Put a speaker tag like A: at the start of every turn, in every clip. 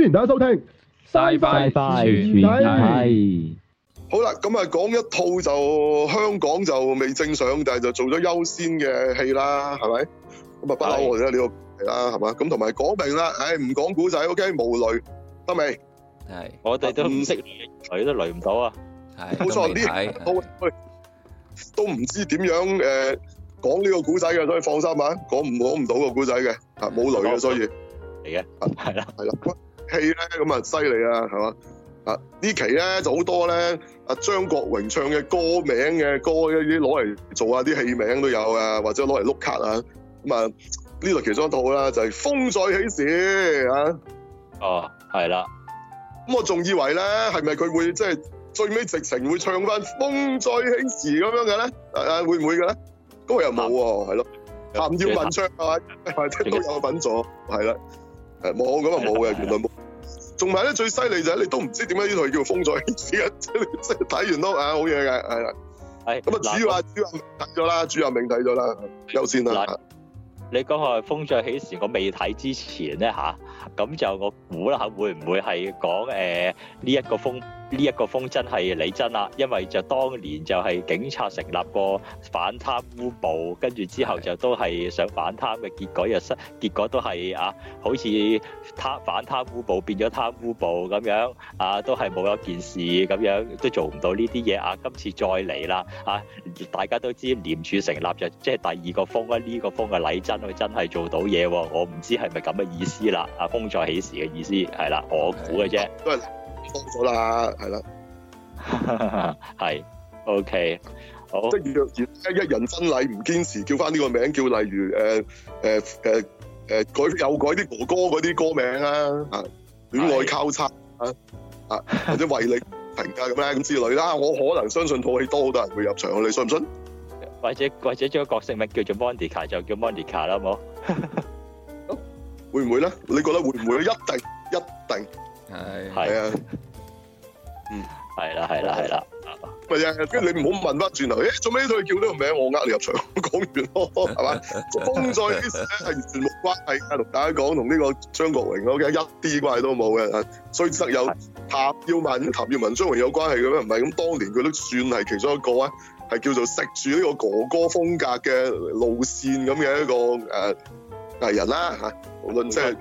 A: 歡迎
B: 大家收聽，拜拜拜
C: 拜，好啦，咁啊講一套就香港就未正上，但係就做咗優先嘅戲啦，係咪？咁啊不嬲我哋呢個啦，係嘛？咁同埋講明啦，唉，唔講古仔，OK，無雷得未？係
B: 我哋都唔識雷，都雷唔到啊！係冇錯啲，
C: 都唔知點樣誒講呢個古仔嘅，所以放心啊，講唔講唔到個古仔嘅，係冇雷嘅，所以嚟嘅，係啦，係啦。戲咧咁啊，犀利啊，係嘛啊！呢期咧就好多咧，阿張國榮唱嘅歌名嘅歌，一啲攞嚟做下啲戲名都有噶，或者攞嚟碌卡啊。咁啊，呢度其中一套啦，就係《風再起時》啊。
B: 哦，係啦。
C: 咁我仲以為咧，係咪佢會即係最尾直情會唱翻《風再起時》咁樣嘅咧？誒，會唔會嘅咧？嗰個又冇喎，係咯。譚耀文唱啊，或者都有揾咗，係啦。誒，冇咁啊冇嘅，的原來冇。仲埋咧最犀利就係、是、你都唔知點解呢套戲叫風再起時。而家即係睇完都啊，好嘢嘅，係啦。係的。咁啊，主要啊朱啊明睇咗啦，朱啊明睇咗啦，優先啦。
B: 你講話風再起時，我未睇之前咧吓？啊咁就我估啦，會唔會係講呢一個風呢一，這個風真係李真啦？因為就當年就係警察成立個反貪污部，跟住之後就都係想反貪嘅，結果又失，結果都係啊，好似反貪污部變咗貪污部咁樣啊，都係冇一件事咁樣都做唔到呢啲嘢啊！今次再嚟啦啊，大家都知廉署成立就即、是、係第二個風、這個、風是是啊。呢個風嘅嚟真，佢真係做到嘢喎，我唔知係咪咁嘅意思啦風再起時嘅意思係啦，我估嘅啫，都係封咗
C: 啦，係啦，
B: 係，OK，好，即
C: 係若然一一人婚禮唔堅持，叫翻呢個名叫例如誒誒誒誒改又改啲哥哥嗰啲歌名啦，啊，戀愛交叉啊啊，或者為你停噶咩咁之類啦，我可能相信套戲多好多人會入場，你信唔信？
B: 或者或者將個角色名叫做 Monica 就叫 Monica 啦，好冇。
C: 會唔會咧？你覺得會唔會？一定，
B: 一定，係係啊，的嗯，
C: 係啦，係啦，係啦，係啊，跟住你唔好問翻轉頭，誒、嗯，做咩都叫呢個名？我呃你入場，講完咯，係嘛？風再啲事咧係完全冇關係，同大家講，同呢個張國榮 o 一啲關係都冇嘅。的所以則有譚耀文，譚耀文張國榮有關係嘅咩？唔係咁，當年佢都算係其中一個啊，係叫做食住呢個哥哥風格嘅路線咁嘅一個誒。呃
B: 藝人啦、啊、吓，無論即係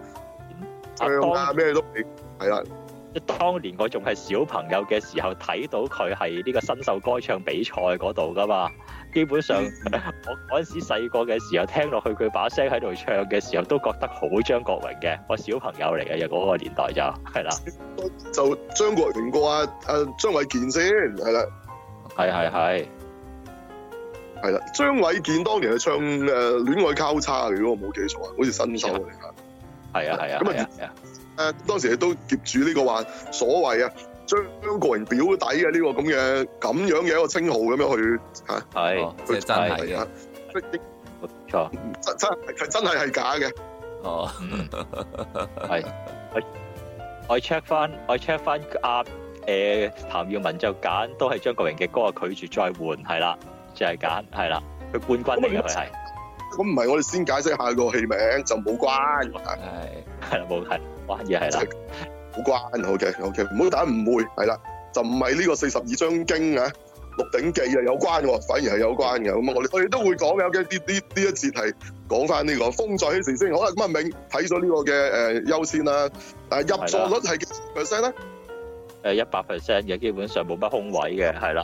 B: 唱啊咩都係啦。當年，當年我仲係小朋友嘅時候，睇到佢係呢個新秀歌唱比賽嗰度噶嘛。基本上， 我嗰陣時細個嘅時候聽落去佢把聲喺度唱嘅時候，都覺得好張國榮嘅。我小朋友嚟嘅又嗰個年代就係啦、啊。就張
C: 國榮過阿阿張衛健先係啦，係
B: 係係。是是是
C: 係啦，張衛健當年係唱誒《戀愛交叉》。如果我冇記錯，好似新手嚟噶，
B: 係啊係啊。
C: 咁啊，誒，當時亦都接住呢個話所謂啊張國榮表弟嘅呢個咁嘅咁樣嘅一個稱號咁樣去
A: 吓係，真係啊，冇錯，
B: 真真係真係係假嘅哦。嗯，
A: 係我
B: check 翻，我 check 翻阿誒譚耀文就揀都係張國榮嘅歌，拒絕再換係啦。就係揀係啦，佢冠軍呢
C: 個係。咁唔係我哋先解釋下個戲名就冇關，係係啦冇係，反而係啦冇關，OK OK，唔好大家誤會係啦，就唔係呢個四十二章經啊，鹿鼎記啊有關，反而係有關嘅。咁啊我哋我哋都會講嘅，呢呢呢一節係講翻呢個。風再起時先好啦，咁啊明睇咗呢個嘅誒優先啦，但係入座率係幾 percent 咧？
B: 誒一百 percent 嘅，基本上冇乜空位嘅，係啦。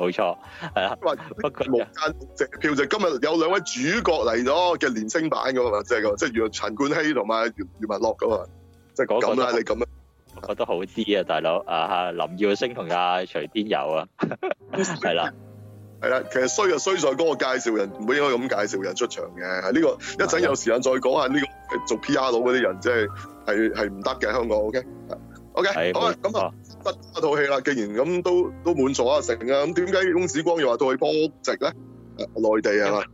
B: 冇錯，係啦。話木間直票
C: 就今日有兩位主角嚟咗嘅年輕版噶嘛，即係個即係袁陳冠希同埋
B: 余文樂噶嘛，就嗰個啦。你咁樣，我覺得好啲啊，大佬啊，林耀星同阿徐天佑啊，係啦，
C: 係啦。其實衰啊，衰在嗰個介紹人，唔會應該咁介紹人出場嘅。呢個一陣有時間再講下呢個做 P R 佬嗰啲人，即係係係唔得嘅。香港 O K，O K，好啊，咁啊。得嗰套戲啦，既然咁都都滿座啊，成啊，咁點解翁子光又話對波值咧、啊？內地
B: 啊嘛？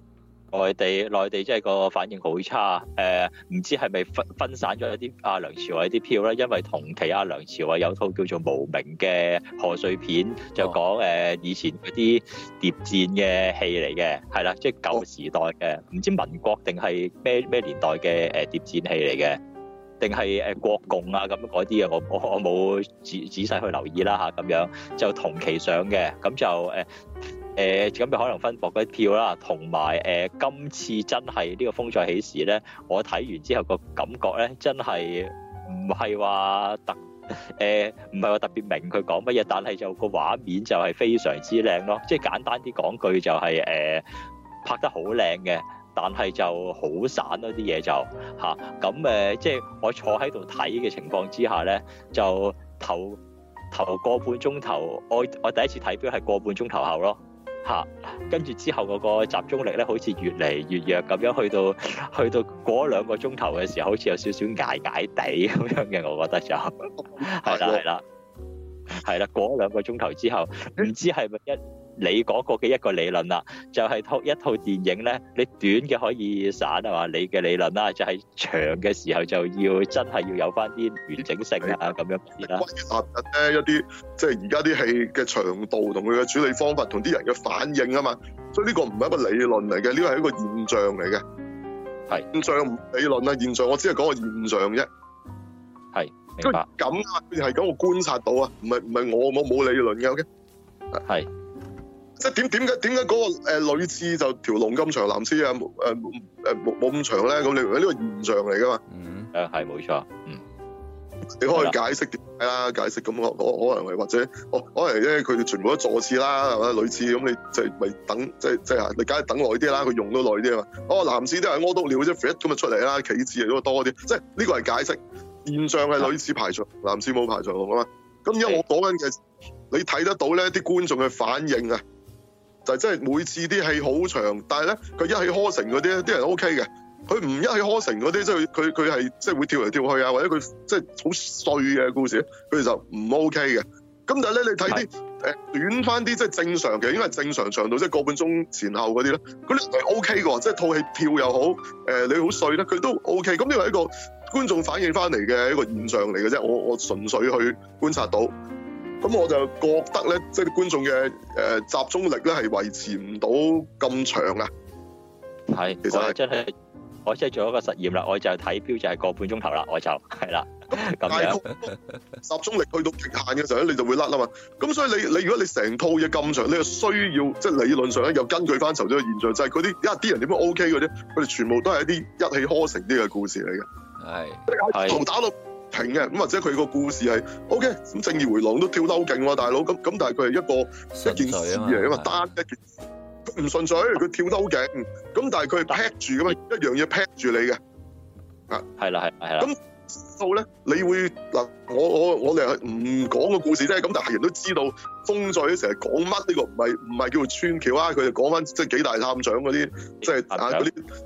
B: 內地內地即係個反應好差，誒、呃、唔知係咪分分散咗一啲阿、啊、梁朝偉啲票咧？因為同期阿、啊、梁朝偉有一套叫做《無名》嘅賀歲片，哦、就講誒、呃、以前嗰啲諜戰嘅戲嚟嘅，係啦，即、就、係、是、舊時代嘅，唔、哦、知民國定係咩咩年代嘅誒諜戰戲嚟嘅。定係誒國共啊咁嗰啲嘢，我我冇仔仔細去留意啦嚇咁樣，就同期上嘅咁就誒誒咁就可能分薄嗰啲票啦，同埋誒今次真係呢個風再起時咧，我睇完之後個感覺咧，真係唔係話特誒唔係話特別明佢講乜嘢，但係就個畫面就係非常之靚咯，即係簡單啲講句就係誒拍得好靚嘅。但係就好散咯，啲嘢就嚇咁誒，即係我坐喺度睇嘅情況之下咧，就頭頭個半鐘頭，我我第一次睇表係個半鐘頭後咯嚇，跟住之後嗰個集中力咧，好似越嚟越弱咁樣，去到去到過兩個鐘頭嘅時候，好似有少少捱捱地咁樣嘅，我覺得就係啦，係啦，係啦，過兩個鐘頭之後，唔知係咪一。你嗰個嘅一個理論啦，就係套一套電影咧。你短嘅可以散，係話你嘅理論啦，就係長嘅時候就要真係要有翻啲完整性啊咁樣啦。關於今日咧一啲，即係而
C: 家啲戲嘅長度同佢嘅處理方法同啲人嘅反應啊嘛，所以呢個唔係一個理論嚟嘅，呢個係一個現象嚟嘅。係現象唔理論啊！現象，我只係講個現象啫。係，明白。咁啊，係講我觀察到啊，唔係唔係我我冇理論嘅。係。即係點點解點解嗰個誒女廁就條龍咁長，男廁啊誒誒冇冇咁長咧？咁你呢個現象嚟噶嘛？
B: 嗯，誒係冇錯，嗯，
C: 你可以解釋點解啦？解釋，咁我我可能係或者可能因為佢哋全部都坐廁啦，係嘛的女廁，咁你就咪等即係即係你梗係等耐啲啦，佢用到耐啲啊嘛！我男廁都係屙篤尿啫，一咁啊出嚟啦，企廁多啲，即係呢個係解釋現象，係女廁排除，的男廁冇排除啊嘛！咁因為我講緊嘅，的你睇得到咧啲觀眾嘅反應啊！就係即係每次啲戲好長，但係咧佢一氣呵成嗰啲咧，啲人 O K 嘅。佢唔一氣呵成嗰啲，即係佢佢係即係會跳嚟跳去啊，或者佢即係好碎嘅故事，佢哋就唔 O K 嘅。咁但係咧，你睇啲誒短翻啲，即係正常嘅，應該係正常長度，即係個半鐘前後嗰啲咧，佢啲係 O K 嘅，即係套戲跳又好，你好碎咧，佢都 OK。咁呢個係一個觀眾反應翻嚟嘅一個現象嚟嘅啫，我我純粹去觀察到。咁我就覺得咧，即係觀眾嘅、呃、集中力咧，係維持唔到咁長啊！
B: 係，其實我真係我真係做一個實驗啦，我就睇表，就係個半鐘頭啦，我就係啦。
A: 咁大
C: 集中力去到極限嘅時候咧，你就會甩啦嘛。咁所以你你如果你成套嘢咁長，你就需要即係理論上咧，又根據翻頭先嘅現象，就係嗰啲一啲人點樣 OK 嗰啲，佢哋全部都係一啲一氣呵成啲嘅故事嚟嘅。
A: 係，打到。
C: 停嘅，咁或者佢個故事係 OK 咁，正義迴廊都跳得好勁喎，大佬咁咁，但係佢係一個一件事嚟，因為單一件唔順水佢跳得好勁，咁但係佢係 peg 住嘅嘛，一樣嘢 peg 住你嘅
B: 啊，係啦係啦係啦。咁
C: 後咧，你會嗱我我我哋係唔講個故事啫，咁但係人都知道風再成日講乜呢，個唔係唔係叫做穿橋啊，佢就講翻即係幾大探長嗰啲即係嗰啲。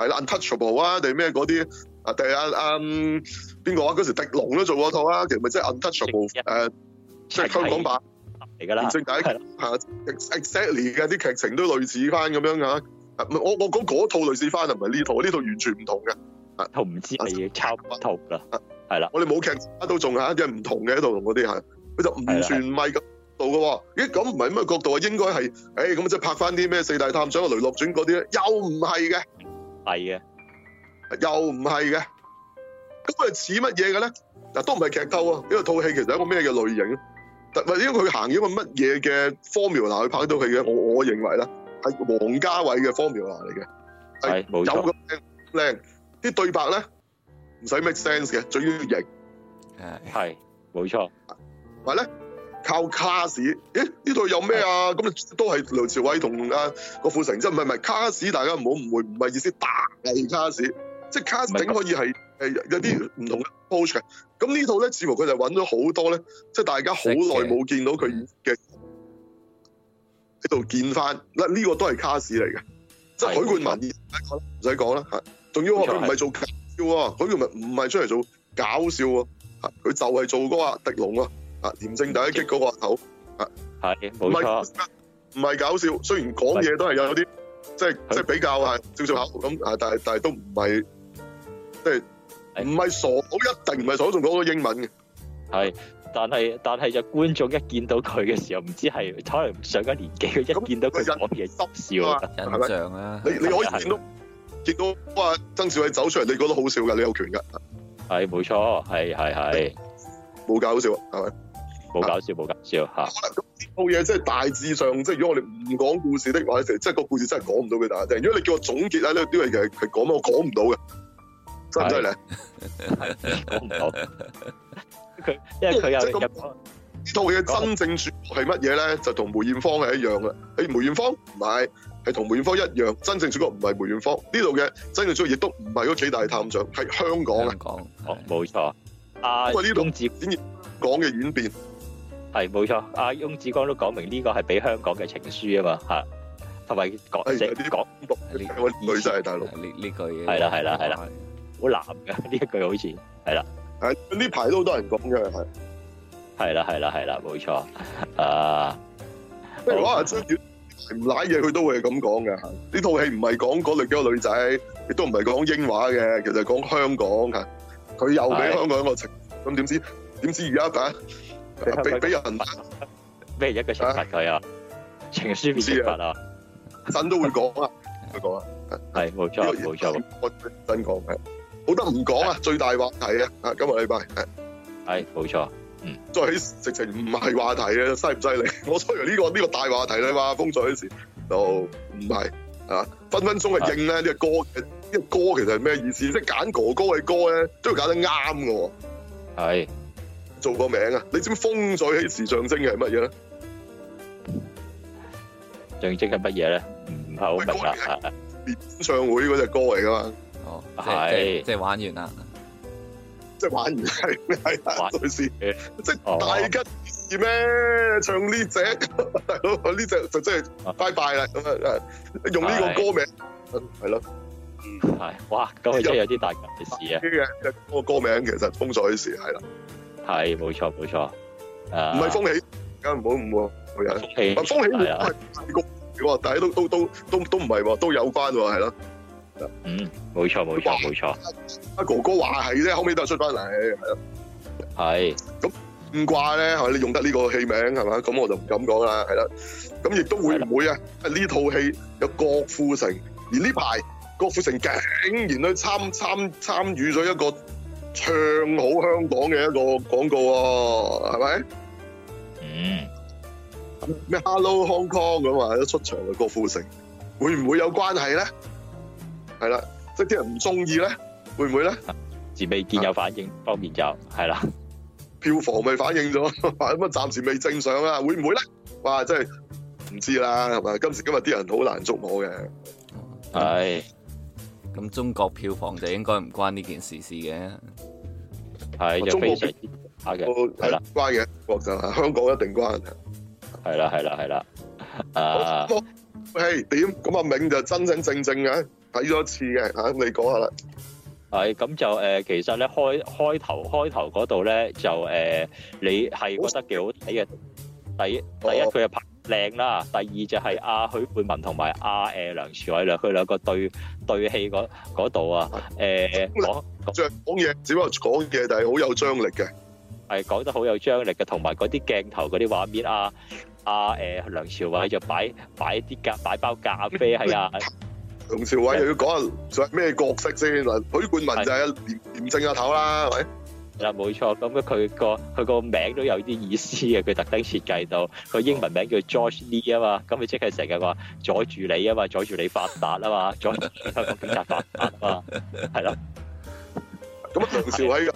C: 係啦，Untouchable 啊，定咩嗰啲啊？定啊，阿邊個啊？嗰、嗯、時狄龍都做嗰套啊，其實咪即係 Untouchable 誒，即係香港版
B: 嚟㗎啦。唔算第一係
C: exactly 嘅，啲的、啊 exactly、劇情都類似翻咁樣㗎。我我講嗰套類似翻，唔係呢套，呢套完全唔同嘅。
B: 套、啊、唔知係抄唔同㗎，係啦。
C: 是的我哋冇劇情都仲嚇，一係唔同嘅一套同嗰啲係，佢的就唔算咪角度嘅喎。咦，咁唔係咩角度啊？應該係誒咁即係拍翻啲咩四大探長啊、雷洛傳嗰啲咧，又唔係嘅。係嘅，又唔係嘅，咁佢似乜嘢嘅咧？嗱，都唔係劇透啊，呢個套戲其實係一個咩嘅類型？唔係，因佢行一個乜嘢嘅 formula，佢拍套戲嘅，我我認為咧係王家衛嘅 formula 嚟嘅，
A: 係有
C: 咁靚，啲對白咧唔使 make sense 嘅，最要型，
B: 係，冇錯，
C: 咧。靠卡士，誒呢度有咩啊？咁對都係梁朝偉同阿郭富城，即係唔係唔係卡士？Class，大家唔好誤會，唔係意思大嘅卡士，即係卡士整可以係係有啲唔同 approach 嘅。咁呢套咧，似乎佢就揾咗好多咧，即係大家好耐冇見到佢嘅喺度見翻。嗱、這、呢個都係卡士嚟嘅，對即係許冠文意思，唔使講啦，仲要佢唔係做笑啊，佢佢唔係唔係出嚟做搞笑啊，佢對就係做嗰個迪龍啊。啊！廉政第一擊嗰個頭，
B: 啊，係冇錯，
C: 唔係搞笑。雖然講嘢都係有啲，即係即係比較係少少客咁，但係但係都唔係，即係唔係傻佬一定唔係傻佬，仲講多英文嘅。
B: 係，但係但係，就觀眾一見到佢嘅時候，唔知係可能上緊年紀，一見到佢講嘢，篤笑，印
A: 象啊。你你可以
B: 見到
C: 見到啊，曾少偉走出嚟，你覺得好笑㗎，你有權㗎。
B: 係，冇錯，係係係，冇搞笑，係咪？冇搞笑，冇搞笑吓。
C: 好啦，咁呢套嘢即係大致上，即係如果我哋唔講故事的話，即係即係個故事真係講唔到俾大家聽。如果你叫我總結咧，呢啲嘢其實佢講，我講唔到嘅，真係嚟。講
A: 唔到，因
B: 為佢
C: 又呢套嘢真正主角係乜嘢咧？就同梅艷芳係一樣嘅。喺梅艷芳，唔係，係同梅艷芳一樣。真正主角唔係梅艷芳，呢度嘅真
B: 正主角亦都唔係嗰幾大探長，係香港嘅。講，哦，冇錯，因為呢度點講嘅演變。係冇錯，阿翁子光都講明呢個係俾香港嘅情書啊嘛，吓，同埋講寫講呢個女仔係大陸，呢呢句嘢係啦係啦係啦，好難嘅呢一句好似係啦，誒呢排都好多人講嘅係，係啦係啦係啦冇錯啊，即係可能
C: 即唔賴嘢，佢都會係咁講嘅。呢套戲唔係講講幾個女仔，亦都唔係講英話嘅，其實係講香港吓，佢又俾香港一個情，咁點知點知而家俾人
B: 咩一個想罰佢啊？啊
C: 情書之法啊？真都會講啊！佢講啊，
B: 係冇錯，冇錯，
C: 真講係好得唔講啊？最大話題啊！今日禮拜係冇錯，嗯，最直情唔係話題啊？犀唔犀利？ 我雖然呢個呢、這個大話題啦嘛，風再起時就唔係啊，分分鐘係應咧是個歌呢、這個歌其實係咩意思？即、就、揀、是、哥哥嘅歌咧，都要揀得啱嘅，係。做個名啊！你知唔知風再起時象徵嘅係乜嘢咧？
A: 象徵緊係乜嘢咧？唔好
B: 問演唱會嗰隻歌嚟噶
C: 嘛？
A: 哦，係即係是玩完啦，
C: 即係玩完係咩事？玩 即係大吉咩？唱呢隻，大佬呢隻就真係拜拜啦。咁啊、哦，用呢個歌名係咯，
B: 係是了哇，咁啊真係
C: 有啲大吉事啊！啲嘅，即係個歌名其實風水事係啦。係冇錯冇錯，唔係風起，唔好誤。風起，風起係啊，哇！但係都都都都都唔係喎，都有關喎，係咯。嗯，冇錯冇錯冇錯，阿哥哥話係啫，後尾都係出翻嚟，係咯。係咁唔怪咧，你用得呢個戲名係咪？咁我就唔敢講啦，係啦。咁亦都會唔會啊？呢套戲有郭富城，而呢排郭富城竟然去參參參與咗一個。唱好香港嘅一個廣告啊，係咪？嗯，咩 Hello Hong Kong 咁啊？一出場嘅郭富城，
B: 會唔會有關係咧？係啦，即係啲人唔中意咧，會唔會咧？暫時未見有反應，方面就係啦。
C: 票房未反應咗，咁啊暫時未正常啊，會唔會咧？哇，真係唔知啦，係咪？今時今日啲人好難捉摸嘅，
A: 係。咁中國票房就應該唔關呢件事事嘅，係又非係，係啦，
C: 關嘅，香港一定關嘅，
A: 係啦係啦係啦，
B: 啊，
C: 係點？咁阿明就真真正正嘅睇咗一次嘅，啊
B: 你講下啦，係咁就誒，其實咧開開頭開頭嗰度咧就誒，你係覺得幾好睇嘅，第第一出嘅片。靚啦，第二就係阿許冠文同埋阿誒梁朝偉，佢兩個對對戲嗰嗰度啊，誒講講講嘢，只不過講嘢，但係好有張力嘅，係講得好有張力嘅，同埋嗰啲鏡頭嗰啲畫面啊，阿誒梁朝偉就擺擺啲咖，擺包咖啡係啊，
C: 梁朝偉又要講下咩
B: 角色先，許冠文就係廉政阿頭啦。啦，冇錯，咁佢個佢個名都有啲意思嘅，佢特登設計到，佢英文名叫 George Lee 啊嘛，咁佢即係成日話阻住你啊嘛，阻住你，你發達啊嘛，阻住香港經濟發達啊嘛，係咯。
C: 咁啊，梁朝偉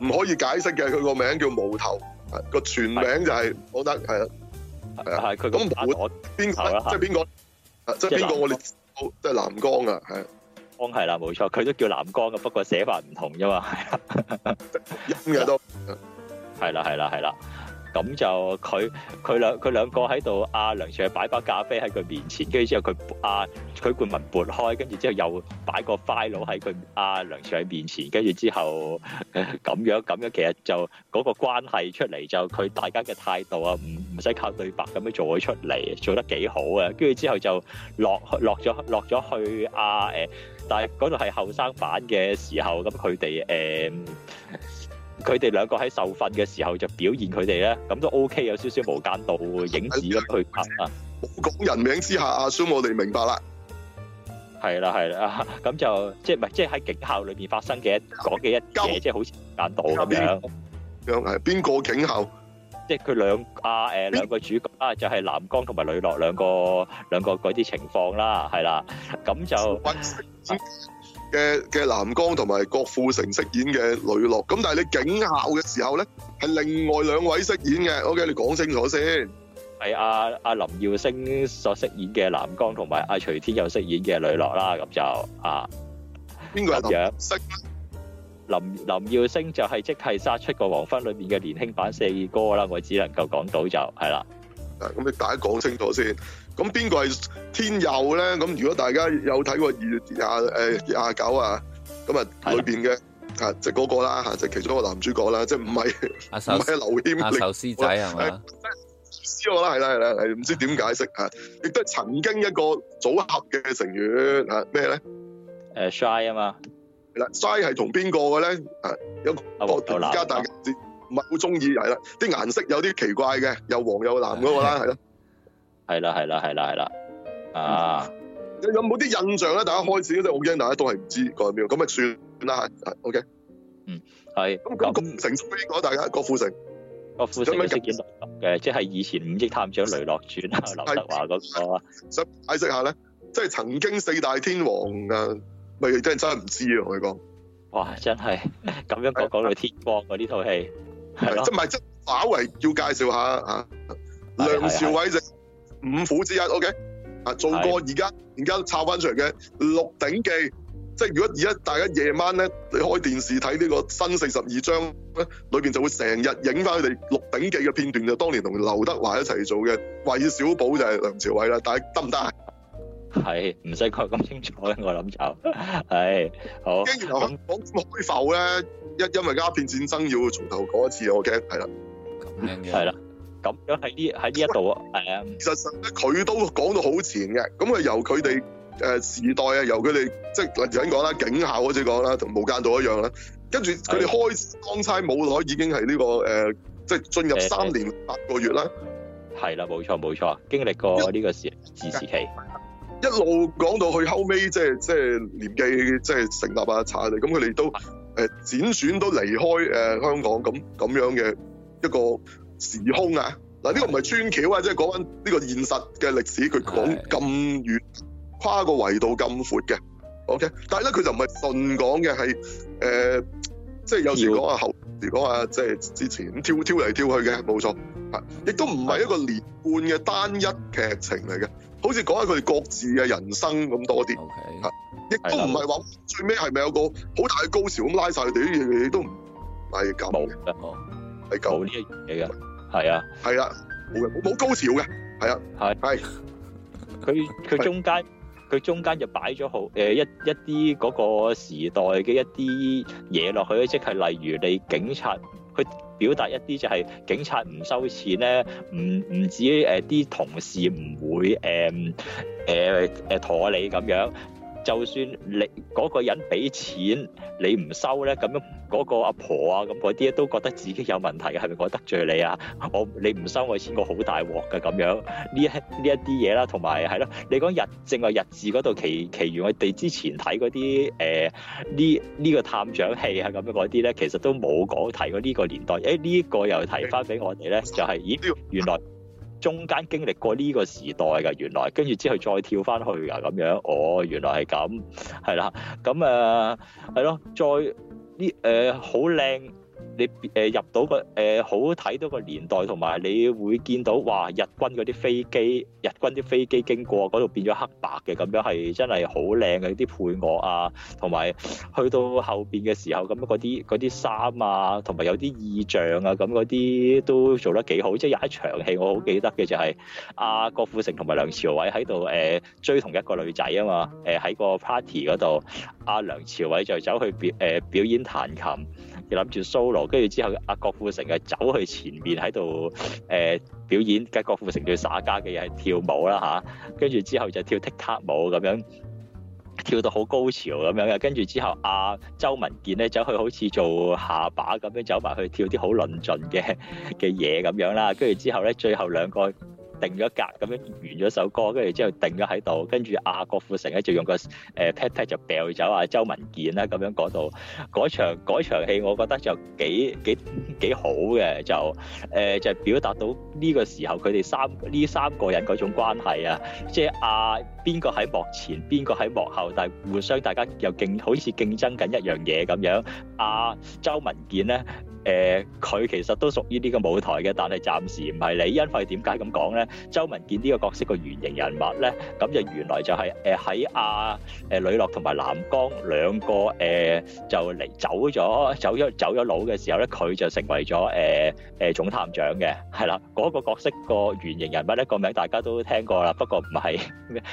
C: 唔 可以解釋嘅，佢個名叫無頭，個全名就係好得，係啊的，係佢的。咁冇
B: 邊個，即係邊個？
C: 即係邊個？我哋
B: 即係南江啊，係。光係啦，冇錯，佢都叫藍光嘅，不過寫法唔同啫嘛。係啦，音嘅都係啦，係啦，係啦。咁就佢佢兩佢兩個喺度，阿梁 Sir 擺把咖啡喺佢面前，跟住之後佢阿許冠文撥開，跟住之後又擺個 file 喺佢阿梁 Sir 喺面前，跟住之後咁樣咁樣，其實就嗰個關係出嚟，就佢大家嘅態度啊，唔唔使靠對白咁樣做佢出嚟，做得幾好啊。跟住之後就落落咗落咗去阿誒。但係嗰度係後生版嘅時候，咁佢哋誒，佢哋兩個喺受訓嘅時候就表現佢哋咧，咁都 OK 有少少無間道影子咁去拍，
C: 冇講人名之下，阿叔我哋明白啦，
B: 係啦係啦，咁就即係唔係即係喺警校裏邊發生嘅一講嘅一嘢，即係好似無間道咁樣樣係邊個警校？即係佢兩啊，誒，兩個主角啊，就係南江同埋磊樂兩個兩個嗰啲情況啦，係啦，咁就
C: 嘅嘅南江同埋郭富城飾演嘅磊樂，咁但係你警校嘅時候咧，係另外兩位飾演嘅，OK，你講清楚先，
B: 係阿阿林耀聲所飾演嘅南江同埋阿徐天佑飾演嘅磊樂啦，咁就啊，邊個啊？林林耀星就係即係殺出個黃昏裏邊嘅年輕版四哥啦，我只能夠講到就係啦。
C: 咁你大家講清楚先。咁邊個係天佑咧？咁如果大家有睇過二月廿誒廿九啊，咁的啊裏邊嘅吓，就嗰、是那個啦吓、啊，就是、其中一個男主角啦，即係唔係阿唔係阿劉謙，阿劉思仔係嘛？思我啦，係啦係啦，唔知點解釋吓，亦、啊啊、都係曾經一個組合嘅成員吓，咩、啊、咧？
B: 誒、uh,，Shy 啊嘛。
C: 嗱，size 係同邊個嘅咧？啊，有個而家大家唔係好中意，係啦，啲顏色有啲奇怪嘅，又黃又藍嗰個啦，係咯，
B: 係啦，係啦，係啦，係啦，啊，
C: 有冇啲印象咧？大家開始都好，我驚大家都係唔知講緊邊，咁咪算啦，OK。嗯，係。咁佢咁成熟呢個，大家郭富
B: 城。郭富城飾演雷洛嘅，即係以前《五億探長雷洛傳》啊，劉德華嗰個。想解釋下咧，即係曾經四大天王。咪真係真係唔知啊！我講，哇，真係咁一個講到天光喎呢套戲，係的即係即係稍微要介紹下嚇，梁朝偉就
C: 五虎之一，OK，啊的，做過而家而家插翻場嘅《鹿鼎記》，即係如果而家大家夜晚咧，你開電視睇呢個新四十二章咧，裏邊就會成日影翻佢哋《鹿鼎記》嘅片段，就當年同劉德華一齊做嘅，韋小寶就係梁朝偉啦，大家得唔得啊？嗯
B: 係，唔使講咁清楚咧，我諗就係好。
C: 跟住講唔唔開埠咧，一 因為鴉片戰爭要重頭講一次，我驚係啦。
B: 係啦，
C: 咁樣喺呢喺呢一
B: 度啊，係啊。
C: 為嗯、其實佢都講到好前嘅，咁啊由佢哋誒時代啊，由佢哋即係例如講啦，警校嗰陣講啦，同無間道一樣啦。跟住佢哋開的當差冇耐已經係呢、這個誒、呃，即
B: 係進入三年八個月啦。係啦，冇錯冇錯，經歷過呢個時時的時期。
C: 一路講到去後尾、就是，即係即係年紀，即、就、係、是、成立啊，查佢咁，佢哋都誒輾轉都離開誒、呃、香港，咁咁樣嘅一個時空啊！嗱，呢個唔係穿橋啊，即、這、係、個啊就是、講翻呢個現實嘅歷史，佢講咁遠跨個維度咁闊嘅。OK，但係咧佢就唔係順講嘅，係誒，即、呃、係、就是、有時講下後說，有時講下即係之前挑，跳跳嚟跳去嘅，冇錯。亦都唔係一個連貫嘅單一劇情嚟嘅。好似講下佢哋各自嘅人生咁多啲，亦都唔係話最尾係咪有個好大嘅高潮咁拉晒佢哋呢樣嘢，都唔係咁，冇啊！
B: 冇呢一樣嘢嘅，係啊，係啊，冇冇高潮嘅，係啊，係，佢佢中間佢中間就擺咗好誒一一啲嗰個時代嘅一啲嘢落去咧，即係例如你警察佢。表達一啲就係警察唔收錢咧，唔唔止誒啲同事唔會誒誒誒妥你咁樣。就算你嗰個人俾錢你唔收咧，咁樣嗰個阿婆啊，咁嗰啲都覺得自己有問題，係咪我得罪你啊？我你唔收我錢，我好大鑊㗎，咁樣呢一呢一啲嘢啦，同埋係咯，你講日正啊日字嗰度其其餘我哋之前睇嗰啲誒呢呢個探長戲啊咁樣嗰啲咧，其實都冇講提過呢個年代，誒呢個又提翻俾我哋咧，就係咦原來。中間經歷過呢個時代㗎，原來跟住之後再跳翻去㗎咁樣，哦，原來係咁，係啦，咁誒係咯，再呢好靚。呃你誒入到個誒、呃、好睇到個年代，同埋你會見到哇日軍嗰啲飛機，日軍啲飛機經過嗰度變咗黑白嘅，咁樣係真係好靚嘅啲配樂啊，同埋去到後邊嘅時候咁嗰啲嗰啲衫啊，同埋有啲意象啊，咁嗰啲都做得幾好。即係有一場戲，我好記得嘅就係、是、阿、啊、郭富城同埋梁朝偉喺度誒追同一個女仔啊嘛，誒、呃、喺個 party 嗰度，阿、啊、梁朝偉就走去表誒表演彈琴，要諗住 solo。跟住之後，阿郭富城就走去前面喺度誒表演，梗係郭富城最耍家嘅嘢係跳舞啦嚇。跟、啊、住之後就跳 tiktok 舞咁樣，跳到好高潮咁樣嘅。跟住之後，阿、啊、周文健咧走去好似做下巴咁樣走埋去跳啲好論盡嘅嘅嘢咁樣啦。跟、啊、住之後咧，最後兩個，定咗格咁樣完咗首歌，跟住之後定咗喺度，跟住阿郭富城咧就用個誒 pat pat 就掟走啊，周文健啦咁樣嗰度嗰場嗰場戲，我覺得就幾幾幾好嘅，就誒就係表達到呢個時候佢哋三呢三個人嗰種關係啊，即係阿邊個喺幕前，邊個喺幕後，但係互相大家又競好似競爭緊一樣嘢咁樣。阿周文健咧誒，佢其實都屬於呢個舞台嘅，但係暫時唔係你，因為點解咁講咧？周文健呢個角色個原型人物咧，咁就原來就係誒喺阿誒呂樂同埋藍江兩個誒就嚟走咗走咗走咗佬嘅時候咧，佢就成為咗誒誒總探長嘅，係啦，嗰個角色個原型人物咧個名大家都聽過啦，不過唔係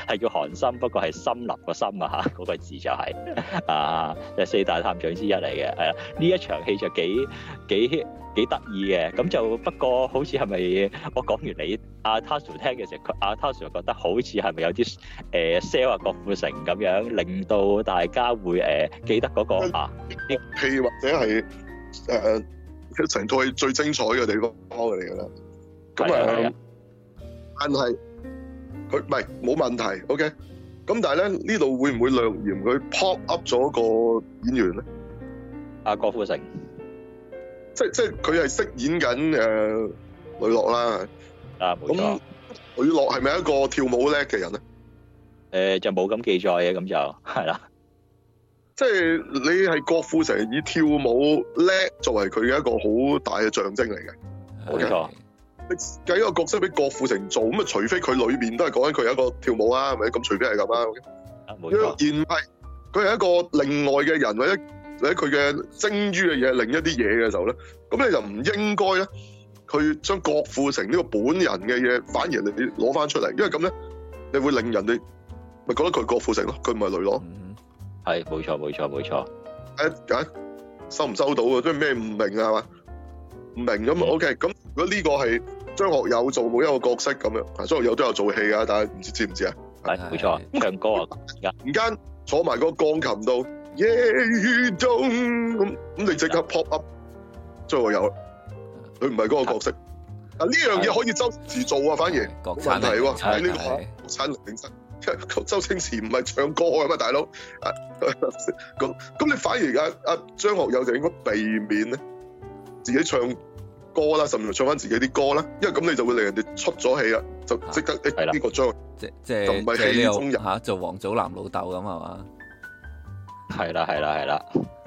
B: 係叫韓森，不過係森林個森啊嚇，嗰個字就係啊，係四大探長之一嚟嘅，係啦，呢一場戲就幾幾，幾得意嘅，咁就不過好似係咪？我講完你阿 Tasuku 聽嘅時候，佢阿 Tasuku 覺得好似係咪有啲誒 sell 啊郭富城咁樣，令到大家會誒記得嗰個啊，
C: 啲戲或者係誒，佢成套係最精彩嘅地方嚟嘅啦。咁啊，但係佢唔係冇問題，OK。咁但係咧呢度會唔會略嫌佢 pop up 咗個演員咧？阿郭富城。即即佢係飾演緊誒磊樂啦。啊、呃，冇、呃呃、錯。磊樂係咪一個跳舞
B: 叻嘅人咧？誒、呃、就冇咁記載嘅，咁就係啦。
C: 是即係你係郭富城以跳舞叻作為佢嘅一個好大嘅象徵嚟嘅。冇的嗎錯。你揀一個角色俾郭富城做，咁啊除非佢裏邊都係講緊佢有一個跳舞啊，係咪？咁除非係咁啊。啊，冇錯。若然唔係，佢係一個另外嘅人或者。喺佢嘅精於嘅嘢，另一啲嘢嘅時候咧，咁你就唔應該咧，佢將郭富城呢個本人嘅嘢，反而你攞翻出嚟，因為咁咧，你會令人哋咪覺得佢郭富城咯，佢唔係雷諾，
B: 係冇錯冇錯冇
C: 錯，誒誒、啊、收唔收到啊？即係咩唔明啊？係嘛，唔明咁啊？O K，咁如果呢個係張學友做每一個角色咁樣，張學友都有做戲啊，但係唔知知唔知啊？係冇錯，唱歌啊，突然間坐埋個鋼琴度。夜雨中咁咁，yeah, 你即刻 pop up 張學友，佢唔係嗰個角色。嗯、啊，呢樣嘢可以周時做啊，反而，凌凌反而問題喎喺呢個話。國產凌凌漆，求周星馳唔係唱歌啊嘛，大佬。咁、啊、咁，啊啊啊啊、你反而而家阿張學友就應該避免咧，自己唱歌啦，甚至唱翻自己啲歌啦。因為咁你就會令人哋出咗戲啊，就即刻呢個張
A: 學友即。即即即係呢個嚇就、啊、王祖藍老豆咁係嘛？係啦，
C: 係啦，係啦。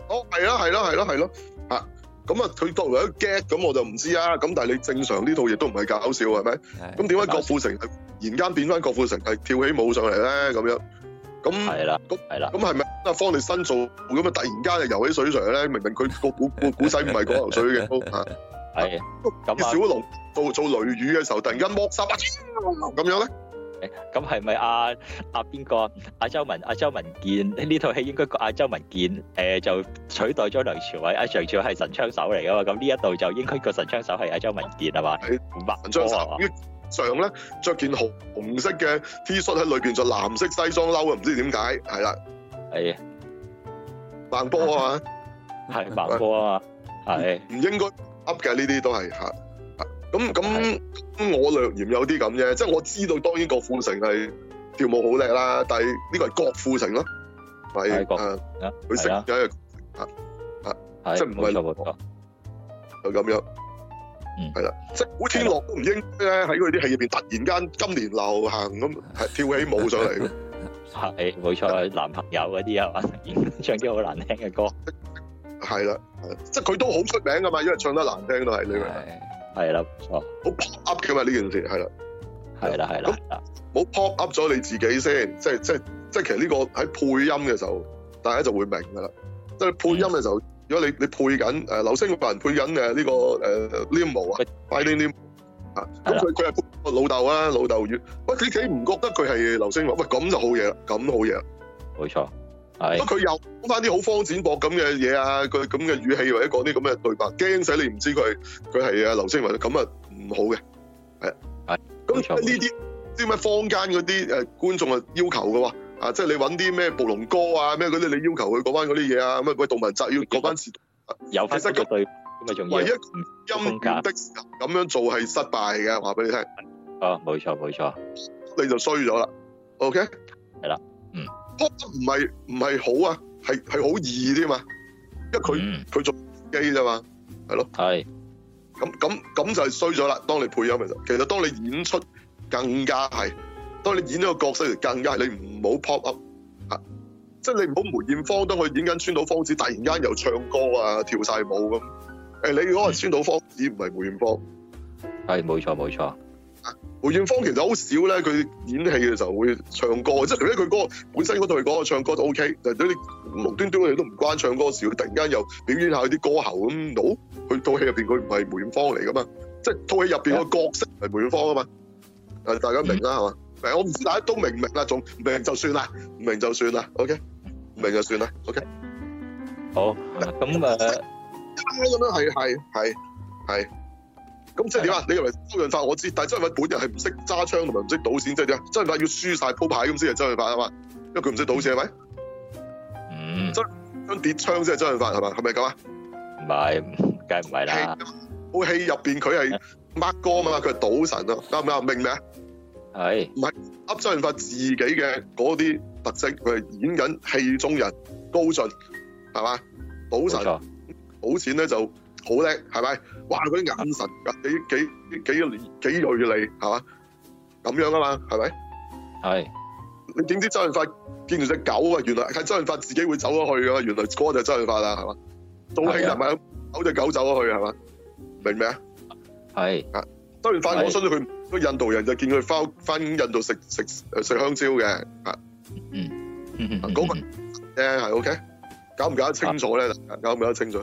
C: 哦，係啦，係啦，係啦，係咯。啊，咁啊，佢作為一 get，咁我就唔知啊。咁但係你正常呢套嘢都唔係搞笑，係咪？
B: 咁點解郭富
C: 城係突然間變翻郭富城，係跳起舞上嚟咧？咁樣咁係啦，係啦。咁係咪阿方力申做咁啊？突然間就游起水上咧，明明佢個古個古仔唔係講游水嘅。係。葉小龍做做雷雨嘅時候，突然間剝晒啊，咁樣咧？
B: 咁係咪阿阿邊個阿周文阿周文健，呢套戲應該個阿周文健誒就取代咗梁朝偉，阿梁朝偉係神槍手嚟噶嘛，咁呢一度就應該個神槍手係阿周文健係嘛？係神槍手，
C: 上咧着件紅紅色嘅 T 恤喺裏邊着藍色西裝褸，唔知點解係啦。係，扮波啊嘛，
B: 係扮波啊嘛，係唔
C: 應該 up 嘅呢啲都係吓。咁咁，我略嫌有啲咁啫，即係我知道，當然郭富城係跳舞好叻啦，但係呢個係郭富城咯，係佢識咗係郭富城即係唔係？冇錯就咁樣，
B: 嗯，係啦，即
C: 係古天樂都唔應啊，喺佢啲戲入邊突然間今年流行咁
B: 跳起舞上嚟，係冇 錯，就係男朋友嗰啲係嘛，唱啲好
C: 難聽嘅歌，係啦，即係佢都好出名噶嘛，因為唱得難聽都係呢個。係。係啦，好 pop up 嘅嘛呢件事的，係啦，係啦的，係啦的，好，pop up 咗你自己先，即係即係即係，其實呢個喺配音嘅時候，大家就會明噶啦。即係配音嘅時候，嗯、如果你你配緊誒、呃、流星嗰份配緊誒呢個誒 Leon 啊 By Leon 的啊，咁佢佢係配老豆啊，老豆語，喂你你唔覺得佢係流星？喂咁就好嘢啦，咁好嘢啦，冇錯。咁佢又講翻啲好方展博咁嘅嘢啊，佢咁嘅語氣或者講啲咁嘅對白，驚死你唔知佢係佢係啊劉青雲，咁啊唔好嘅，係。係。咁呢啲即係咩坊間嗰啲誒觀眾啊要求嘅話，啊即係你揾啲咩暴龍哥啊咩嗰啲，你要求佢講翻嗰啲嘢啊，咁啊喂杜汶澤要講翻次，些有翻嗰對，唯一,一陰面的咁樣做係失敗嘅，話俾你聽。啊，冇錯冇錯，錯你就衰咗啦。的 OK。係啦。pop 唔係唔係好啊，係係好易啲嘛，因為佢佢、嗯、做機咋嘛，係咯，係的，咁咁咁就係衰咗啦。當你配音其實，其實當你演出更加係，當你演呢個角色，更加係你唔好 pop up，即係、就是、你唔好梅艷芳都去演緊川島芳子，突然間又唱歌啊，跳晒舞咁。誒，你如果係川島芳子唔係梅艷芳，係冇錯冇錯。梅艷芳其實好少咧，佢演戲嘅時候會唱歌，即係除非佢歌本身嗰套歌唱歌就 O K，但係呢啲無端端佢都唔關，唱歌事，佢突然間又表演下啲歌喉咁到，佢套戲入邊佢唔係梅艷芳嚟噶嘛，即係套戲入邊個角色係梅艷芳啊嘛，誒大家明啦係嘛？誒、嗯、我唔知大家都明唔明啦，仲，明就算啦，唔明就算啦，O K，唔明就算啦，O K，好，咁啊，咁樣係係係係。咁即係點啊？是的 你以為周潤發我知，但係周潤發本人係唔識揸槍同埋唔識賭錢，即係點啊？周潤發要輸晒鋪牌咁先係周潤發係嘛？因為佢唔識賭錢係咪？嗯，張跌槍先係周潤發係嘛？係咪咁啊？唔係，梗係唔係啦。戲，套戲入邊佢係乜哥啊？佢係賭神咯，啱唔啱？明唔明啊？係是的。唔係噏周潤發自己嘅嗰啲特色，佢係演緊戲中人高進，係嘛？賭神。冇沒錯。賭錢咧就。好叻，係咪？哇！嗰啲眼神，幾幾幾銳幾銳利，係嘛？咁樣啊嘛，係咪？係。你點知周潤發見住隻狗啊？原來係周潤發自己會走咗去噶嘛？原來個就係周潤發啦，係嘛？做戲又咪走隻狗走咗去，係嘛？明唔明啊？係。啊！周潤發，我相信佢個印度人就見佢翻翻印度食食食香蕉嘅。啊。嗯嗯嗯。嗰個誒係 OK，搞唔搞得清楚咧？搞唔搞得清楚？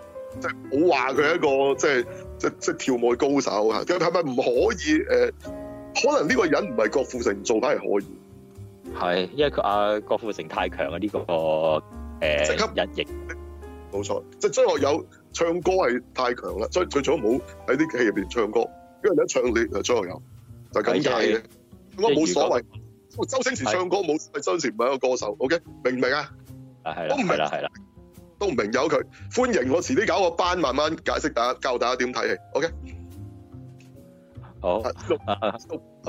C: 即係我話佢係一個即係即即跳舞高手吓，咁係咪唔可以誒、呃？可能呢個人唔係郭富城，做翻係可以，
B: 係因為阿、啊、郭富城太強啊！呢、這個誒、呃、刻一億役，冇錯。即張學友唱
C: 歌係太強啦，最最早冇喺啲戲入邊唱歌，因為你一唱你啊張學友就咁解
A: 嘅。我冇的的所謂，
C: 的周星馳唱歌冇，周星馳唔係一個歌手。O、okay? K，明唔明啊？啊係啦，係啦，係啦。都唔明有佢，歡迎我遲啲搞個班，慢慢解釋大家，教大家點睇戲。OK，
A: 好，
B: 縮啊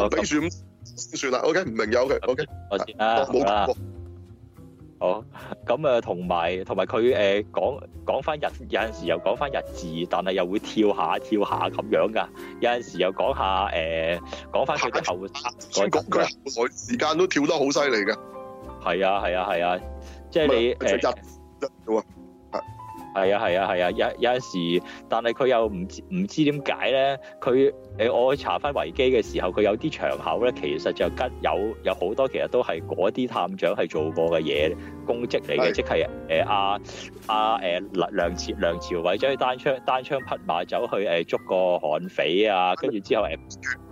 B: 縮，
C: 俾船先算啦。OK，唔明有佢。OK，
B: 我先啦，冇錯。好，咁啊，同埋同埋佢誒講講翻日，有陣時又講翻日字，但係又會跳下跳下咁樣噶。有陣時又講下誒講翻佢啲後，先講佢，佢時間都跳得好犀利㗎。係啊係啊係啊，即係你誒日做啊。係啊係啊係啊，有有陣時，但係佢又唔知唔知點解咧？佢誒我去查翻維基嘅時候，佢有啲場口咧，其實就吉有有好多，其實都係嗰啲探長係做過嘅嘢功績嚟嘅。是即係誒阿阿誒梁朝梁朝偉走去單槍單槍匹馬走去誒捉個悍匪啊，跟住之後誒，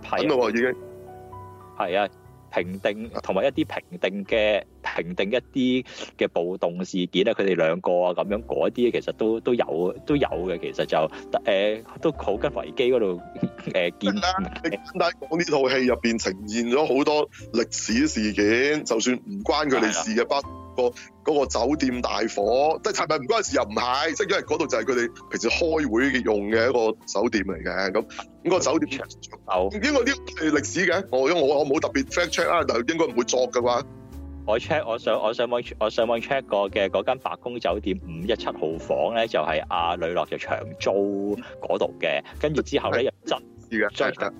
B: 睇咯已經係啊。評定同埋一啲評定嘅評定一啲嘅暴動事件啊，佢哋兩個啊咁樣嗰啲，嗰啲其實都有都有都有嘅，其實就誒、呃、都好跟維基嗰度誒見。唔得，你講呢套
C: 戲入邊呈現咗好多歷史事件，就算唔關佢哋事嘅不。個嗰酒店大火，即係係咪唔關事又唔係，即係因為嗰度就係佢哋平時開會用嘅一個酒店嚟嘅，咁、那、咁個酒店長長樓。應該啲係歷史嘅，我因為我我冇特別 fact check 啊，但係應該唔會作嘅話。
B: 我 check，我上我上網我上網 check 過嘅嗰間白宮酒店五一七號房咧，就係阿雷洛嘅長租嗰度嘅，跟住之後咧又增，住。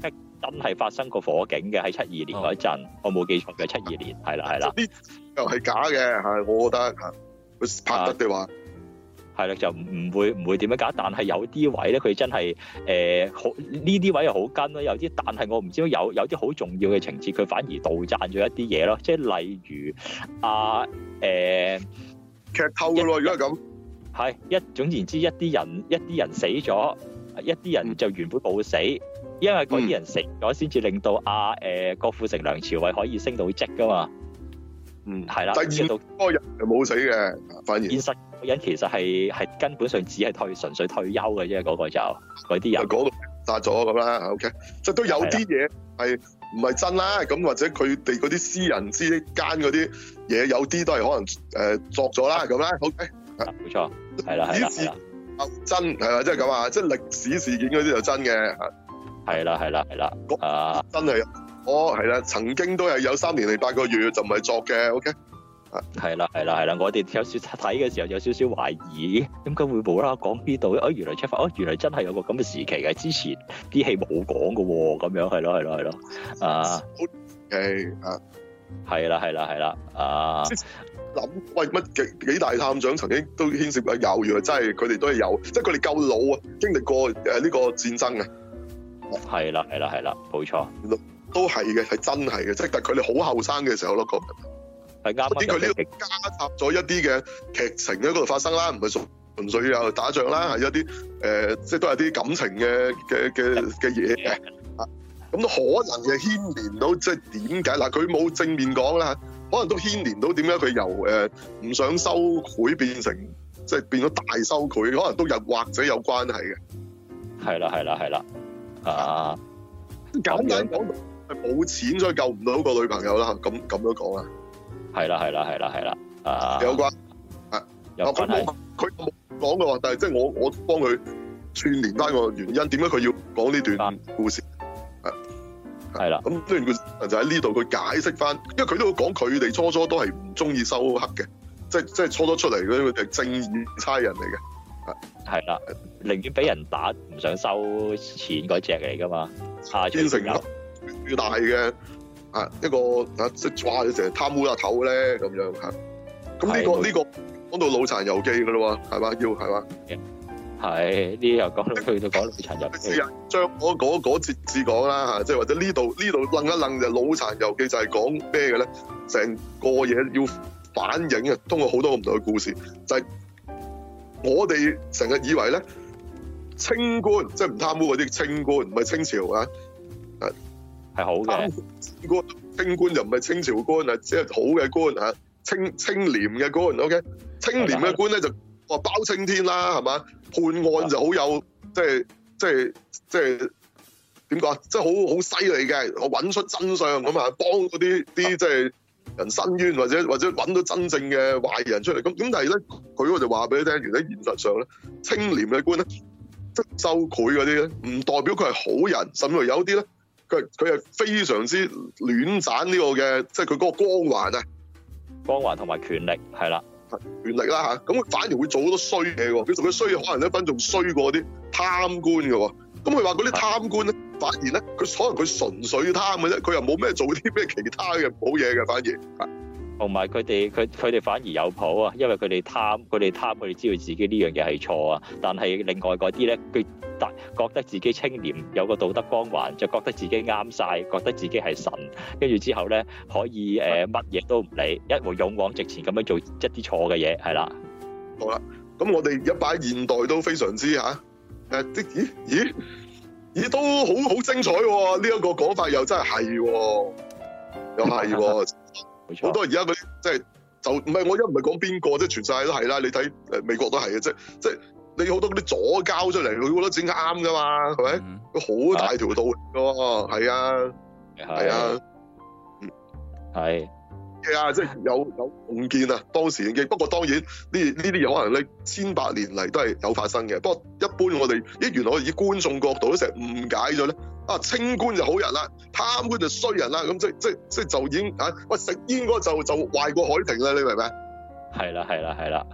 B: 逼。真係發生過火警嘅，喺七二年嗰一陣，我冇記錯嘅七二年係啦係啦，呢又係假嘅，係我覺得，佢拍得嘅話係啦，就唔唔會唔會點樣假，但係有啲位咧，佢真係誒好呢啲位又好跟咯，有啲，但係我唔知有有啲好重要嘅情節，佢反而杜讚咗一啲嘢咯，即係例如啊誒劇透嘅咯，如果係咁係一總言之，一啲人一啲人死咗，一啲人就原本冇死。因為嗰啲人食咗，先至令到阿誒郭富城、梁朝偉可以升到職噶嘛。嗯，係啦。第二度嗰個人又冇死嘅，反而現實個人其實係係根本上只係退純粹退休嘅啫，嗰個就嗰啲人。嗰個殺咗咁啦，OK。即係都有啲嘢係
C: 唔係真啦？咁或者佢哋嗰啲私人之間嗰啲嘢，有啲都係可能誒作咗啦，咁啦，OK，
B: 冇錯，係啦係啦。以前
C: 真係嘛，即係咁啊，即係歷史事件嗰啲就真嘅。
B: 係啦，係啦，係啦，
C: 啊！真係，
B: 哦，係啦，曾經都係有三年零八個月就唔係作嘅，OK？係啦，係啦，係啦，我哋有少睇嘅時候有少少懷疑，點解會冇啦？講呢度原來 check 翻哦，oh, 原來真係有個咁嘅時期嘅，之前啲戲冇講嘅，咁樣係咯，係咯，係咯，啊，OK，啊，係啦，係啦，係啦，啊，諗
C: 喂，乜幾幾大探長曾經都牽涉過有，原來真係佢哋都係有，即係佢哋夠老啊，經歷過誒呢個戰爭嘅、啊。
B: 係啦，係啦，係啦，冇錯，都都係
C: 嘅，係真係嘅，即係但係佢哋好後生嘅時候咯，講
B: 係啱啱又加
C: 插咗一啲嘅劇情喺嗰度發生啦，唔係純純粹又打仗啦，係一啲誒，即係都係啲感情嘅嘅嘅嘅嘢嘅，咁都可能係牽連到即係點解嗱，佢冇正面講啦，可能都牽連到點解佢由誒唔、呃、想收賄變成即係變咗大收賄，可能都有或者有關係嘅，
B: 係啦，係啦，係啦。
C: 啊！Uh, 咁樣簡單講係冇錢，所以救唔到個女朋友啦。咁咁樣講啊？係
B: 啦，係啦，係啦，係
C: 啦。啊！有關啊？有講。佢冇講嘅話，但係即係我我幫佢串聯翻個原因。點解佢要講呢段故事？係啦、嗯。咁呢的段故事就喺呢度，佢解釋翻，因為佢都會講佢哋初初都係唔中意收黑嘅、就是，即係即係初初出嚟嗰啲，佢哋正義差人嚟嘅。
B: 係係啦。寧願俾人打，唔想收錢嗰隻嚟噶
C: 嘛？啊，要成要大嘅，啊，一個啊，即話你成日貪污阿頭咧咁樣，係、這個。咁呢的個呢個講到老殘遊記噶啦，係嘛？要係嘛？係呢
B: 又講到去到講老殘遊記。試下
C: 將我嗰嗰節至講啦，吓，即或者呢度呢度楞一楞就老殘遊記就係講咩嘅咧？成個嘢要反映嘅，通過好多唔同嘅故事，就係、是、我哋成日以為咧。清官即係唔貪污嗰啲清官，唔係清朝啊，係好嘅官。清官又唔係清朝嘅官啊，即係好嘅官啊。清清廉嘅官，OK，清廉嘅官咧就話包青天啦，係嘛，判案就好有即係即係即係點講啊？即係好好犀利嘅，我揾出真相咁啊，幫嗰啲啲即係人伸冤或者或者揾到真正嘅壞人出嚟咁。咁但係咧，佢我就話俾你聽，原喺現實上咧，清廉嘅官咧。收賄嗰啲咧，唔代表佢係好人，甚至乎有啲咧，佢佢係非常之亂斬呢個嘅，即係佢嗰個光環啊，
B: 光環同埋權力係啦，
C: 權力啦吓，咁佢反而會做好多衰嘢喎，佢做啲衰嘢，可能一分仲衰過啲貪官嘅喎，咁佢話嗰啲貪官咧，發現咧，佢可能佢純粹貪嘅啫，佢又冇咩做啲咩其他嘅唔好嘢嘅，反而。
B: 同埋佢哋佢佢哋反而有譜啊，因為佢哋貪佢哋貪，佢哋知道自己呢樣嘢係錯啊。但係另外嗰啲咧，佢覺得自己清廉，有個道德光環，就覺得自己啱晒，覺得自己係神。跟住之後咧，可以誒乜嘢都唔理，一路勇往直前咁樣做一啲錯嘅嘢，係啦。
C: 好啦，咁我哋一擺現代都非常之吓誒，即咦咦咦都好好精彩喎！呢一個講法又真係係又係。好沒多而家嗰啲即係就唔、是、係我一唔係講邊個，即係全世界都係啦。你睇誒美國都係嘅，即係即係你好多啲左膠出嚟，佢覺得整啱㗎嘛，係咪？佢好是的 大條道理嚟嘅喎，係啊是的，係啊，係。嘅啊，即係有有共見啊，當時已經。不過當然呢呢啲嘢可能咧千百年嚟都係有發生嘅。不過一般我哋咦，原來我哋以觀眾角度都成日誤解咗咧。啊，清官就好人啦，貪官就衰人啦。咁即即即就已經嚇喂、啊、食煙嗰就就壞過海平啦。你明唔明？
B: 係啦，係啦，係啦。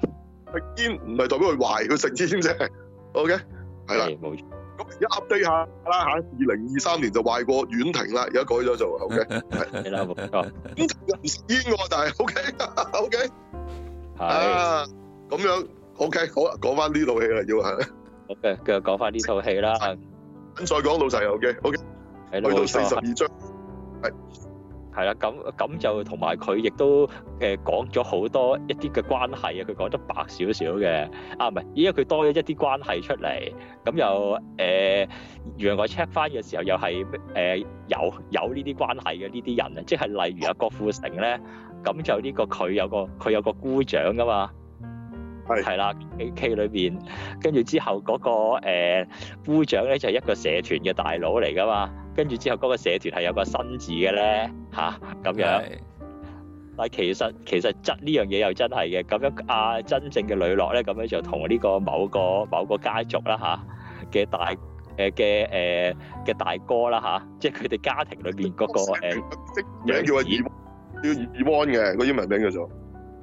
B: 煙
C: 食煙唔係代表佢壞，佢食煙啫。OK，係啦。咁而家 update 下啦吓，二零二三年就壞過婉婷啦，而家改咗
A: 做，OK 係啦，冇錯。
C: 咁唔食煙㗎，但係 OK OK 係咁樣 OK 好啦，講翻呢套戲啦，要係 OK，繼續
B: 講翻呢套戲啦，再講老細，OK OK，去到四十二章係。係啦，咁咁就同埋佢亦都誒講咗好多一啲嘅關係啊，佢講得白少少嘅，啊唔係，因為佢多咗一啲關係出嚟，咁又誒原來我 check 翻嘅時候又係誒有有呢啲關係嘅呢啲人啊，即係例如啊郭富城咧，咁就呢個佢有個佢有個姑丈噶嘛，係係啦 A K 裏面，跟住之後嗰個誒姑丈咧就係一個社團嘅大佬嚟噶嘛。跟住之後，嗰個社團係有個新字嘅咧，嚇咁樣。但係其實其實真呢樣嘢又真係嘅。咁樣啊，真正嘅女樂咧，咁樣就同呢個某個某個家族啦嚇嘅大誒嘅誒嘅大哥啦嚇，即係佢哋家庭裏邊嗰個誒名叫阿伊叫 Yvonne 嘅個英文名叫做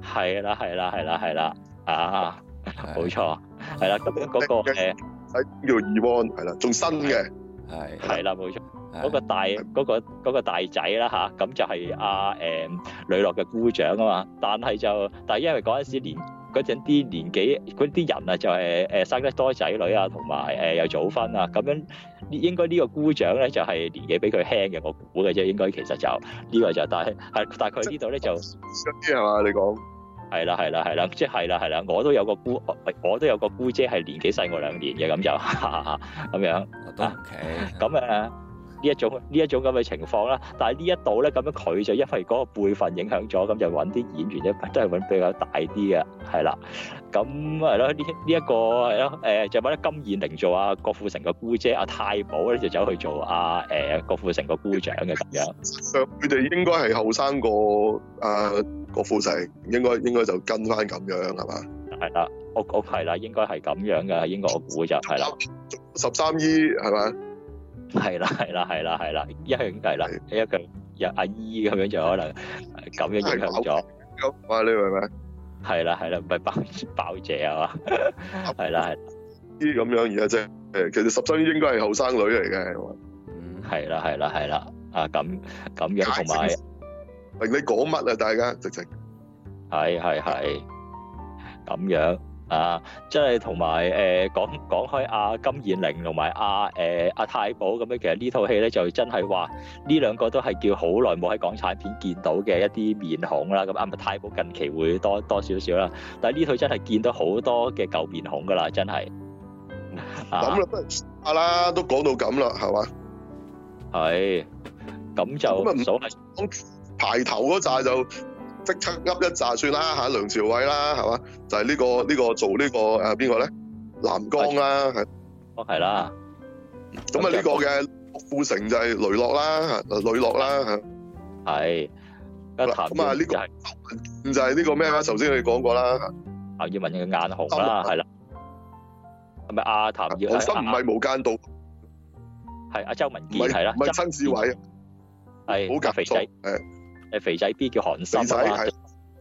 B: 係啦係啦係啦係啦啊，冇錯係啦。咁樣嗰個誒係叫 Yvonne 係啦，仲新嘅係係啦，冇錯。嗰個大嗰個嗰個大仔啦嚇，咁就係阿誒女樂嘅姑丈啊嘛，但係就但係因為嗰陣時年嗰陣啲年紀嗰啲人啊，就係誒生得多仔女啊，同埋誒又早婚啊，咁樣呢應該呢個姑丈咧就係年紀比佢輕嘅我估嘅啫，應該其實就呢個就大係大概呢度咧就，啲係嘛你講？係啦係啦係啦，即係係啦係啦，我都有個姑我都有個姑姐係年紀細我兩年嘅，咁就咁樣，OK，咁啊。一種呢一種咁嘅情況啦，但係呢一度咧咁樣佢就因為嗰個輩份影響咗，咁就揾啲演員咧都係揾比較大啲嘅，係啦，咁係咯呢呢一個係咯，誒就揾金燕玲做阿郭富城個姑姐，阿太保咧就走去做阿誒郭富城個姑丈嘅咁樣。
C: 佢哋應該係後生過誒郭富城，應該應該就跟
B: 翻咁樣係嘛？係啦，我我係啦，應該係咁樣嘅，應該我估就係啦。十三姨係咪？係啦，係啦，係啦，係啦，一句啦，一句阿阿姨咁樣就可能咁樣影響咗。咁啊，你明唔明？係啦，係啦，唔係包姨包姐啊嘛。係啦，係。啲咁樣而家即係，其實十三姨應該係後生女嚟嘅。嗯，係啦，係啦，係啦。啊，咁咁樣，同埋。
C: 明你講乜啊？大家直情。
B: 係係係。咁樣。啊，即係同埋誒講講開阿金燕玲同埋阿誒阿太保咁樣，其實呢套戲咧就真係話呢兩個都係叫好耐冇喺港產片見到嘅一啲面孔啦。咁啊，唔係太保近期會多多少少啦，但係呢套真係見到好多嘅舊面孔噶啦，真係。咁
C: 啦，都講到咁啦，係嘛？
B: 係，咁就
C: 咁排頭嗰紮就。即刻噏一紮算啦嚇，梁朝偉啦係嘛？就係呢個呢個做呢個誒邊個咧？南江啦，係，哦係啦。咁啊呢個嘅郭富城就係雷洛啦嚇，雷洛啦嚇。係。咁啊呢個係周文健就係呢個咩話？頭先你講
B: 過啦。譚耀文嘅眼紅啦，係啦。係咪阿譚耀文？黃心唔係無間道。係阿周文健係啦，唔係曾志偉。係。好夾肥仔。誒。誒，肥仔 B 叫韓森啦，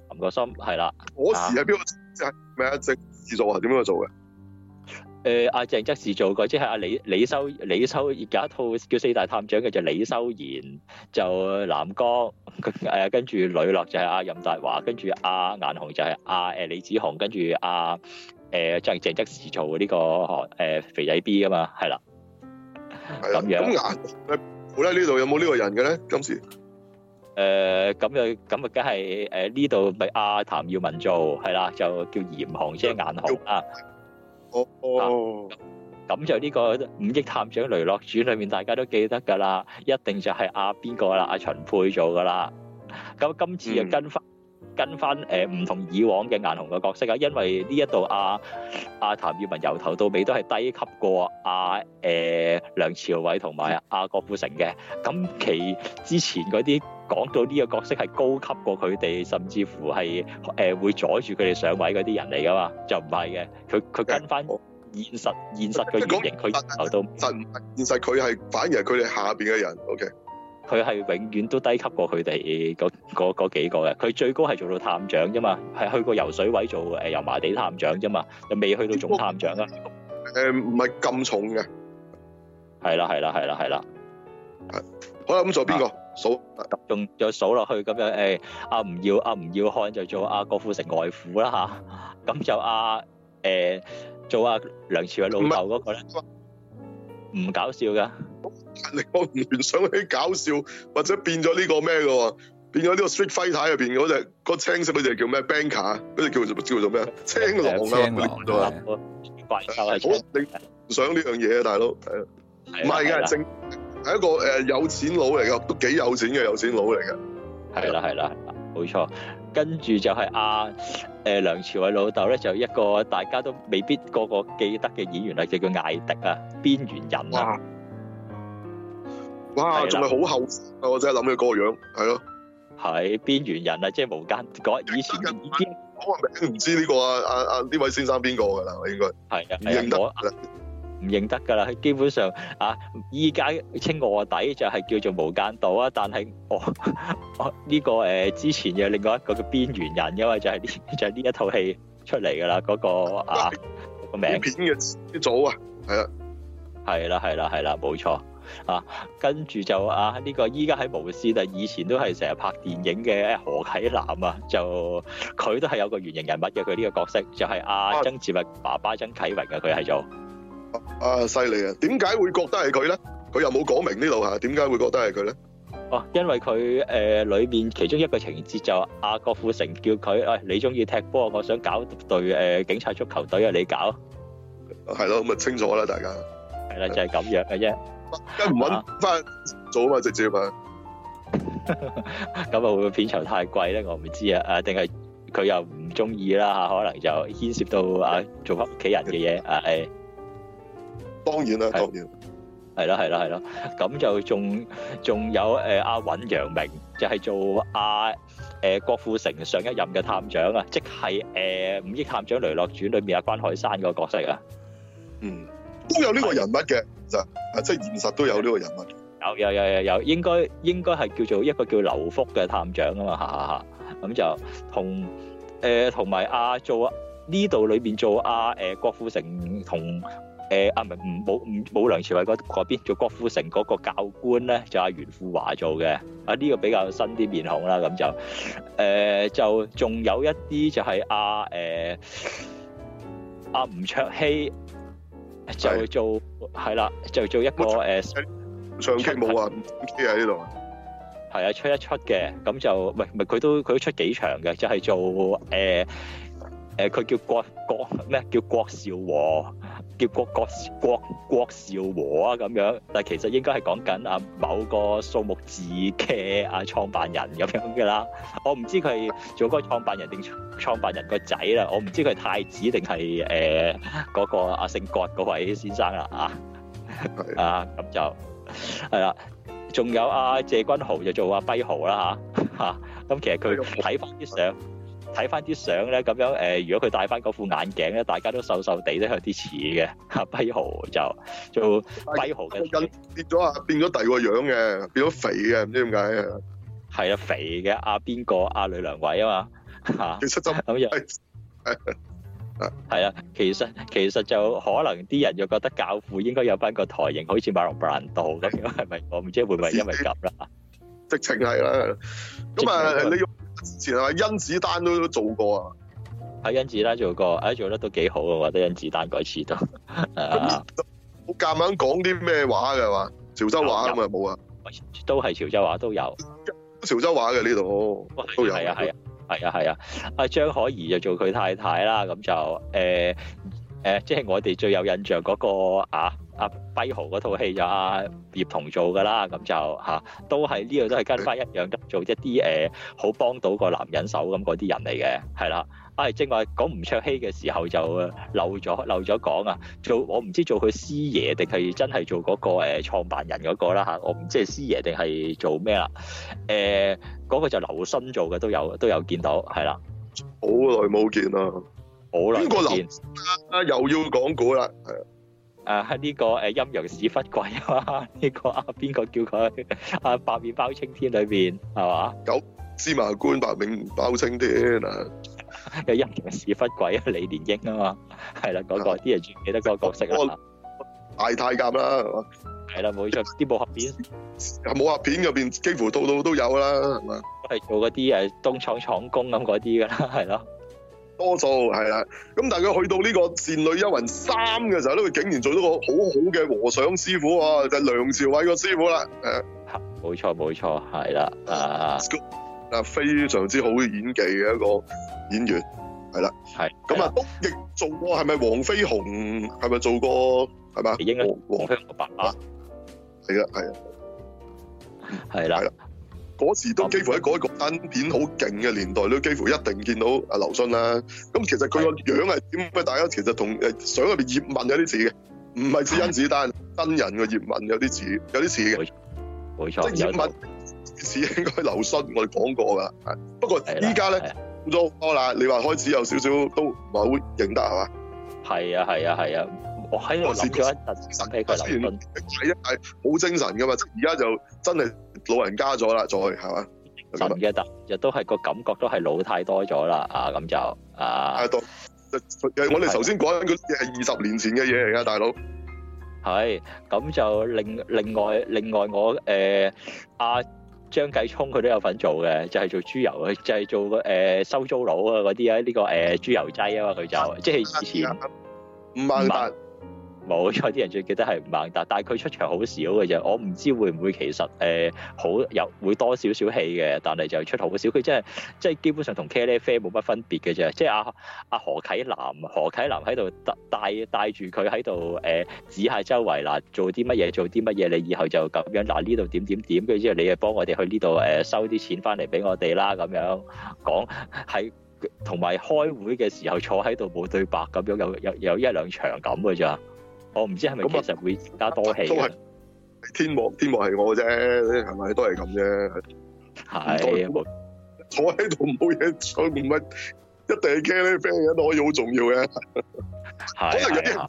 B: 韓國森係啦。嗰時係邊個即係咩阿鄭志做啊？點樣做嘅？誒，阿鄭則士做過，即係阿李李修李修有一套叫《四大探長》，就是、李修賢就藍剛，誒、啊，跟住呂樂就係阿、啊、任達華，跟住阿顏雄就係阿誒李子雄，跟住阿誒鄭鄭則仕做嘅呢、這個誒、啊、肥仔 B 噶嘛，係啦。係啦的。咁顏
C: 樣，好啦，呢、啊、度有冇呢個人嘅咧？今次？
B: 誒咁又咁啊，梗係誒呢度咪阿譚耀文做係啦，就叫嚴雄即係顏雄啊。哦哦，咁就呢個五億探長雷洛傳裏面大家都記得㗎啦，一定就係阿邊個啦，阿秦沛做㗎啦。咁今次啊跟翻跟翻誒唔同以往嘅顏雄嘅角色啊，因為呢一度阿阿譚耀文由頭到尾都係低級過阿誒梁朝偉同埋阿郭富城嘅，咁其之前嗰啲。講到呢個角色係高級過佢哋，甚至乎係誒會阻住佢哋上位嗰啲人嚟噶嘛？就唔係嘅，佢佢跟翻現實現實嘅原型，佢頭都實現實佢係反而係
C: 佢哋下邊
B: 嘅人。OK，佢係永遠都低級過佢哋嗰嗰嗰幾個嘅。佢最高係做到探長啫嘛，係去過油水位做誒油麻地探長啫嘛，又未去到總探長啊？誒唔係咁重嘅，係啦係啦係啦係啦。好啦，咁仲有邊個？數仲再數落去咁樣，誒，阿吳耀阿吳耀漢就做阿郭富城外父啦吓，咁就阿誒做阿梁朝偉老豆嗰個咧，唔搞笑噶，
C: 我唔想啲搞笑或者變咗呢個咩噶喎，變咗呢個 Street Fighter 入邊嗰隻嗰青色嗰隻叫咩？Banker 嗰隻叫做叫做咩？青龍啊，青
B: 龍都係，
C: 好你唔想呢樣嘢啊，大佬，係啊，唔係噶，而家係正。係一個誒有錢佬嚟噶，都幾有錢
B: 嘅有錢佬嚟噶。係啦係啦係啦，冇錯。跟住就係阿誒梁朝偉老豆咧，就一個大家都未必個個記得嘅演員嚟，就叫艾迪啊，邊緣人啊。哇！係仲係好後生啊！我真係諗起個樣，係咯。係邊緣人啊，即係無間。講以前，已經
C: 唔知呢個啊啊啊呢位先生邊個噶啦？我
B: 應該係啊，認到。唔認得噶啦，基本上啊，依家稱臥底就係叫做無間道啊。但係我我呢個誒，之前有另一個叫邊緣人，因為就係呢就係呢一套戲出嚟噶啦，嗰個啊個名片
C: 嘅嘅組
B: 啊，係啦係啦係啦係啦，冇錯啊。跟住就啊呢個依家喺無綫，但係以前都係成日拍電影嘅何啟南啊，就佢都係有個原型人物嘅，佢呢個角色就係阿曾志偉爸爸曾啟榮嘅，佢係做。
C: 啊！犀利啊！點解會覺得係佢咧？佢又冇講明呢度吓，點解會覺得係佢咧？
B: 哦，因為佢誒裏面其中一個情節就阿郭富城叫佢誒，你中意踢波，我想搞隊誒警察足球隊啊，你搞係咯咁啊，清楚啦，大家係啦，就係咁樣嘅啫，梗唔搵翻做啊嘛，直接啊，咁啊會唔會片酬太貴咧？我唔知啊，啊定係佢又唔中意啦吓，可能就牽涉到啊做屋企人嘅嘢啊誒。當然啦，當然係啦，係啦，係啦。咁就仲仲有誒，阿尹揚明就係做阿誒郭富城上一任嘅探長啊，即係誒《五億探長雷洛傳》裏面阿關海山個角色啊。嗯，
C: 都有呢個人物嘅，其實啊，即係現實都有呢個人
B: 物。有有有有有，應該應該係叫做一個叫劉福嘅探長啊嘛，咁就同誒同埋阿做呢度裏邊做阿誒郭富城同。誒，啊，唔唔，冇冇梁朝偉嗰嗰邊做郭富城嗰個教官咧，就阿袁富華做嘅，啊呢個比較新啲面孔啦，咁就，誒，就仲有一啲就係阿誒阿吳卓羲就做係啦，就做一個誒，上劇冇啊，唔知喺呢度，係啊出一出嘅，咁就唔係唔係佢都佢都出幾場嘅，就係做誒。誒，佢叫郭郭咩？叫郭少和，叫郭郭郭郭少和啊咁樣。但係其實應該係講緊啊某個數目字嘅啊創辦人咁樣噶啦。我唔知佢係做嗰個創辦人定創辦人個仔啦。我唔知佢係太子定係誒嗰個啊姓郭嗰位先生啦啊啊咁就係啦。仲有阿謝君豪就做阿跛豪啦吓吓。咁其實佢睇翻啲相。睇翻啲相咧，咁樣誒、呃，如果佢戴翻嗰副眼鏡咧，大家都瘦瘦地都有啲似嘅，跛、 啊、豪就做跛豪嘅，
C: 變咗啊，變咗第二個樣嘅，變咗肥嘅，唔知點解啊？
B: 係啊，肥嘅阿邊個？阿、啊、呂、啊、良偉啊嘛嚇。其實就係咁樣。係 啊，其實其實就可能啲人又覺得教父應該有翻個台型，好似馬龍·布蘭道咁樣，係咪？ 我唔知會唔會因為咁啦。直情係啊，咁啊你。
C: 之前啊，甄子丹都都做過啊，
B: 喺、啊、甄子丹做過，哎、啊，做得都幾好啊，我覺得甄子丹嗰次都係啊，
C: 好夾硬講啲咩話嘅嘛，潮州話咁啊冇啊，有都係潮州話都有，潮州話嘅呢度都有啊，係啊，
B: 係啊，係啊，係啊，阿張、啊、可頤就做佢太太啦，咁就誒。欸誒、呃，即係我哋最有印象嗰個啊，阿、啊、跛、啊、豪嗰套戲就阿、啊、葉童做㗎啦，咁就嚇、啊、都係呢個都係跟翻一樣，的做一啲誒、呃、好幫到個男人手咁嗰啲人嚟嘅，係啦。啊，正話講吳卓羲嘅時候就漏咗漏咗講啊，做我唔知做佢師爺定係真係做嗰、那個創、呃、創辦人嗰、那個啦、啊、我唔知係師爺定係做咩啦。誒、呃，嗰、那個就留心做嘅都有都有見到，係啦。
C: 好耐冇見
B: 啦～好啦，邊個劉啊又要講古啦？誒，誒，呢個誒陰陽屎忽鬼啊，呢個阿邊個叫佢阿白面包青天裏邊係嘛？九芝麻官白面包青天，嗱，有陰陽屎忽鬼啊，李蓮英啊嘛，係啦，講講啲人最記得個角色啦，大太監啦，係啦，冇錯，啲武俠片，武俠片入邊幾乎套套都有啦，係嘛？係做嗰啲誒東廠廠工咁嗰啲噶啦，係咯。
A: 多
C: 數係啦，咁但係佢去到呢個《倩女幽魂》三嘅時候，呢佢竟然做咗個好好嘅和尚師傅啊，就係梁朝偉個師傅啦。
B: 誒，冇錯冇錯，係啦
C: 啊，嗱非常之好演技嘅一個演員，係啦，係咁啊，亦做過係咪黃飛鴻？係咪做過係嘛？應該黃飛鴻個爸爸，係啊係啊，係啦。嗰時都幾乎喺嗰一段片好勁嘅年代，都幾乎一定見到阿劉信啦。咁其實佢個樣係點？咁大家其實同誒相入面葉問有啲似嘅，唔係似甄子丹，真的人嘅葉問有啲似，有啲似嘅。冇錯，即係葉問似應該劉信。我哋講過噶。的不過依家咧變咗好多啦。你話開始有少少都唔係好認得係嘛？
B: 係啊，係啊，係啊。是
C: 我喺度諗住一陣神氣過先，大一係好精神噶嘛，而家就真係老人家咗啦，再
B: 係嘛神氣得，亦都係個感覺都係老太多咗啦。啊，咁就啊
C: 阿杜，我哋頭先講緊嗰啲嘢係二十年前嘅嘢嚟噶，大
B: 佬係咁就另另外另外我誒阿張繼聰佢都有份做嘅，就係做豬油，就係做個誒收租佬啊嗰啲啊呢個誒豬油劑啊嘛，佢就即係以前五萬八。冇，有啲人最記得係唔孟，但係佢出場好少嘅啫。我唔知會唔會其實誒、呃、好有會多少少戲嘅，但係就出好少。佢真係即係基本上同 k e l l 冇乜分別嘅啫。即係阿阿何啟南，何啟南喺度帶住佢喺度誒指下周圍嗱做啲乜嘢做啲乜嘢，你以後就咁樣嗱呢度點點點。跟住之後你誒幫我哋去呢度、呃、收啲錢翻嚟俾我哋啦咁樣講，係同埋開會嘅時候坐喺度冇對白咁樣有有有一兩場咁嘅咋。我唔知係咪其實會加多戲，都係
C: 天幕天幕係我嘅啫，係咪都係咁啫？係坐喺度冇嘢做，唔係一定 care 嘢，friend 嘅，都可以好重要嘅。是 可能有啲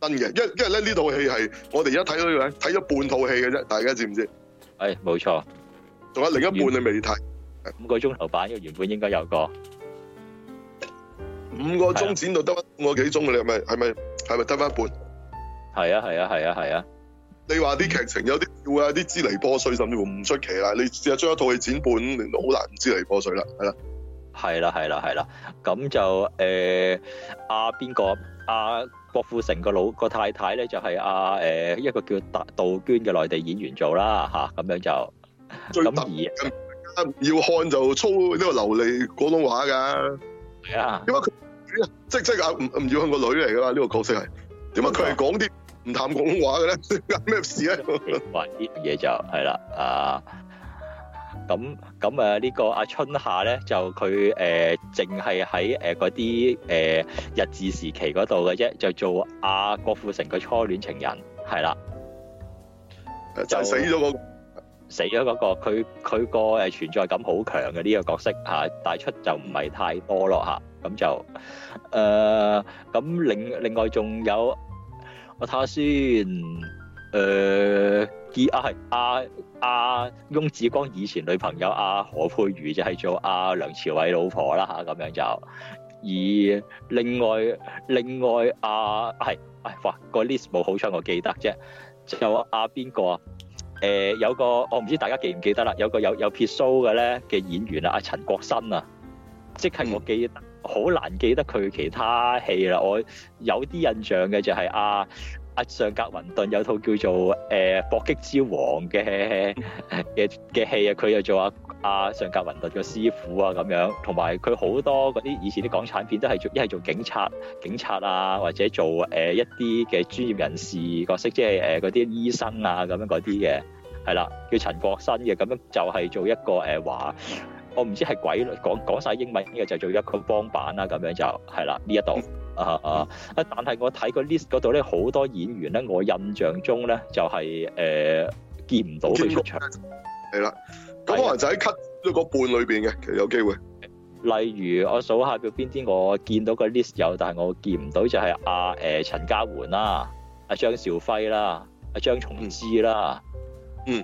C: 真嘅，一因為咧呢套戲係我哋而家睇到睇咗半套戲嘅啫，大家知唔知？
B: 係冇錯，
C: 仲有另一
B: 半你未睇，本是五個鐘頭版嘅原本應該有個
C: 五個鐘、啊、剪到得翻五個幾鐘，你係咪係咪係咪得翻一半？
B: 係啊係啊係啊係啊！你
C: 話啲劇情有啲笑、嗯、啊，啲支離破碎甚至乎唔出奇啦。你試下將一套
B: 戲剪半，好難支離破碎啦。係、呃、啦，係、啊、啦，係啦。咁就誒阿邊個阿郭富城個老個太太咧，就係阿誒一個叫達杜鵑嘅內地演員做啦嚇。咁、啊、樣就咁而，最
C: 要看就操呢個流利廣東話㗎。係啊。點解佢即即係阿唔唔要向個女嚟㗎嘛？呢、這個角色係點解佢係講啲？唔談廣東話
B: 嘅咧，關咩事咧？呢樣啲嘢就係啦，啊咁咁誒呢個阿春夏咧，就佢誒淨係喺誒嗰啲誒日治時期嗰度嘅啫，就做阿郭富城嘅初戀情人係啦，就死咗嗰個死咗嗰個，佢佢個誒存在感好強嘅呢個角色嚇，帶出就唔係太多咯嚇，咁就誒咁另另外仲有。我睇下先，誒，G I 阿阿翁子光以前女朋友阿何佩瑜就係做阿梁朝偉老婆啦嚇，咁樣就。而另外另外阿係，哇個 list 冇好長我記得啫，就阿邊個啊？誒有個我唔知大家記唔記得啦，有個有有撇 show 嘅咧嘅演員啊，阿陳國新啊。即係我記得，好、嗯、難記得佢其他戲啦。我有啲印象嘅就係阿阿尚格雲頓有套叫做《誒搏擊之王》嘅嘅嘅戲啊，佢又做阿阿尚格雲頓嘅師傅啊咁樣。同埋佢好多嗰啲以前啲港產片都係做一係做警察、警察啊，或者做誒、呃、一啲嘅專業人士角色，即係誒嗰啲醫生啊咁樣嗰啲嘅，係啦，叫陳國新嘅，咁樣就係做一個誒話。呃我唔知係鬼，講講曬英文呢嘅就做一個幫板啦，咁樣就係啦呢一度啊啊啊！但係我睇個 list 嗰度咧，好多演員咧，我印象中咧就係、是、誒、呃、見唔到佢出場。係啦，咁可能就喺 cut 一個半裏邊嘅，了其實有機會。例如我數下佢邊啲，我見到個 list 有，但係我見唔到就、啊，就係阿誒陳嘉媛啦、阿張兆輝啦、啊、阿張松枝啦。嗯。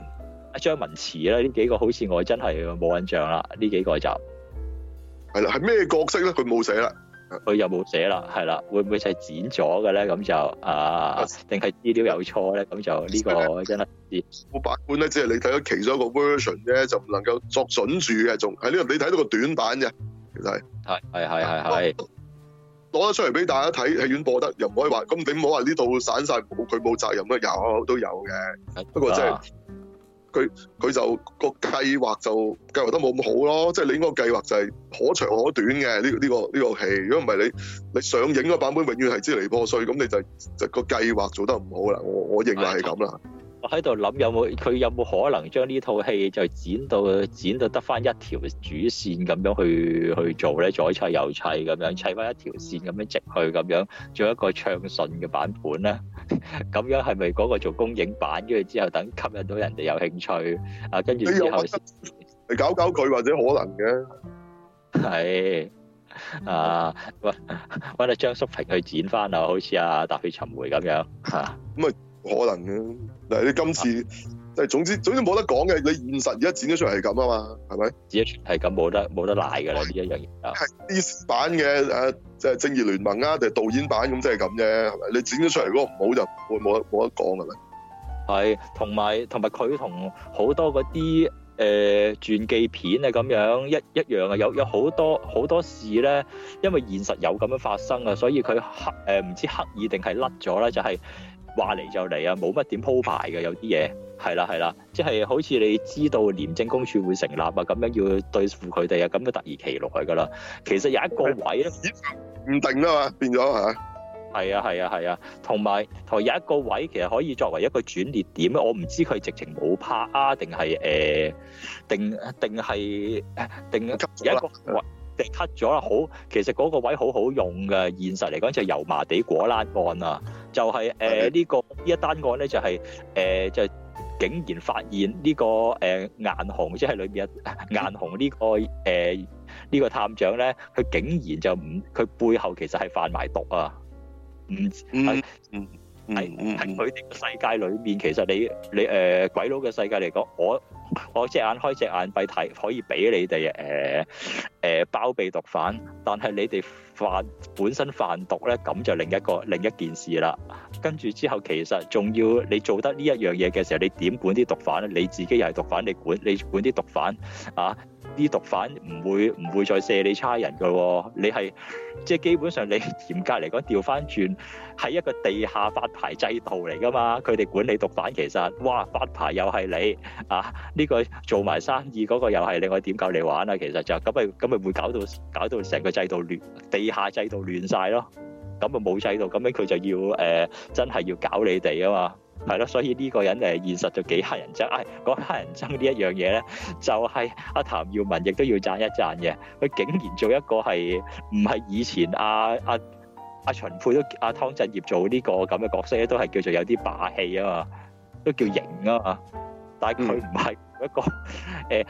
B: 阿張文慈呢幾個好似我真係冇印象啦，呢幾個就係啦，係咩角色咧？佢冇寫啦，佢又冇寫啦，係啦，會唔會就係剪咗嘅咧？咁就啊，定係資料有錯咧？咁的就呢個真係好版
C: 本咧，即係的你睇咗其中一個 version 啫，就唔能夠作準住嘅，仲喺呢度，你睇到個短版嘅，其實
B: 係係係係係
C: 攞咗出嚟俾大家睇，戲院播得又唔可以話，咁你唔好話呢度散晒。佢冇責任啦，有都有嘅，不過即係。佢佢就、個計劃就計劃得冇咁好咯，即係你應該計劃就係可長可短嘅呢呢個呢、呢個戲。如果唔係你你上映嘅版本永遠係支離破碎，咁你就就個計劃做得唔好啦。我我
B: 認為係咁啦。我喺度諗，有冇佢有冇可能將呢套戲就剪到剪到得翻一條主線咁樣去去做咧，左砌右砌咁樣砌翻一條線咁樣直去咁樣做一個暢順嘅版本咧？咁 樣係咪嗰個做公映版跟住之後等吸引到人哋有興趣啊？跟住之後係
C: 搞搞佢或者可能嘅
B: 係啊，揾揾阿張叔平去剪翻啊，好似阿踏血尋梅咁樣嚇咁啊！可
C: 能嘅嗱，你今次即係、啊，總之總之冇得講嘅。你現實而家剪咗出嚟係咁啊嘛，係咪？
B: 剪咗係咁，冇得冇得賴噶啦呢一
C: 樣嘢。係 D 是是版嘅誒，即係正義聯盟啊，定係導演版咁，即係咁啫。係咪？你剪咗出嚟嗰個唔好就冇冇冇得講噶
B: 啦。係同埋同埋佢同好多嗰啲誒傳記片啊，咁樣一一樣啊，有有好多好多事咧，因為現實有咁樣發生啊，所以佢黑誒唔知刻意定係甩咗咧，就係、是。話嚟就嚟啊，冇乜點鋪排嘅，有啲嘢係啦係啦，即係、就是、好似你知道廉政公署會成立啊，咁樣要對付佢哋啊，咁樣突如其來噶啦，其實有一個位咧唔、欸欸、定啊嘛，變咗吓，係啊係啊係啊，同埋同有一個位其實可以作為一個轉捩點，我唔知佢直情冇拍啊、呃，定係誒定定係定有一個位。被 cut 咗啦，好，其實嗰個位好好用嘅，現實嚟講就油麻地果欄案啊，就係誒呢個呢一單案咧就係誒就竟然發現呢個誒顏雄即係裏邊啊顏雄呢個誒呢個探長咧，佢竟然就唔佢背後其實係販埋毒啊，唔係嗯嗯係係佢哋個世界裏面，其實你你誒鬼佬嘅世界嚟講，我。我隻眼開隻眼閉睇，可以俾你哋誒誒包庇毒販，但係你哋販本身販毒咧，咁就另一個另一件事啦。跟住之後，其實仲要你做得呢一樣嘢嘅時候，你點管啲毒販咧？你自己又係毒販，你管你管啲毒販啊？啲毒販唔會唔會再射你差人㗎喎？你係即係基本上你嚴格嚟講，調翻轉係一個地下發牌制度嚟噶嘛？佢哋管理毒販其實，哇發牌又係你啊！呢個做埋生意嗰個又係你，另外點夠你玩啊？其實就咁咪咁咪會搞到搞到成個制度亂，地下制度亂曬咯。咁咪冇制度，咁樣佢就要誒真係要搞你哋啊嘛！係咯，所以呢個人誒現實就幾乞人憎。誒，講乞人憎呢一樣嘢咧，就係阿譚耀文亦都要讚一讚嘅。佢竟然做一個係唔係以前阿阿阿秦沛都阿湯鎮業做呢個咁嘅角色咧，都係叫做有啲霸氣啊嘛，都叫型啊嘛。但係佢唔係一個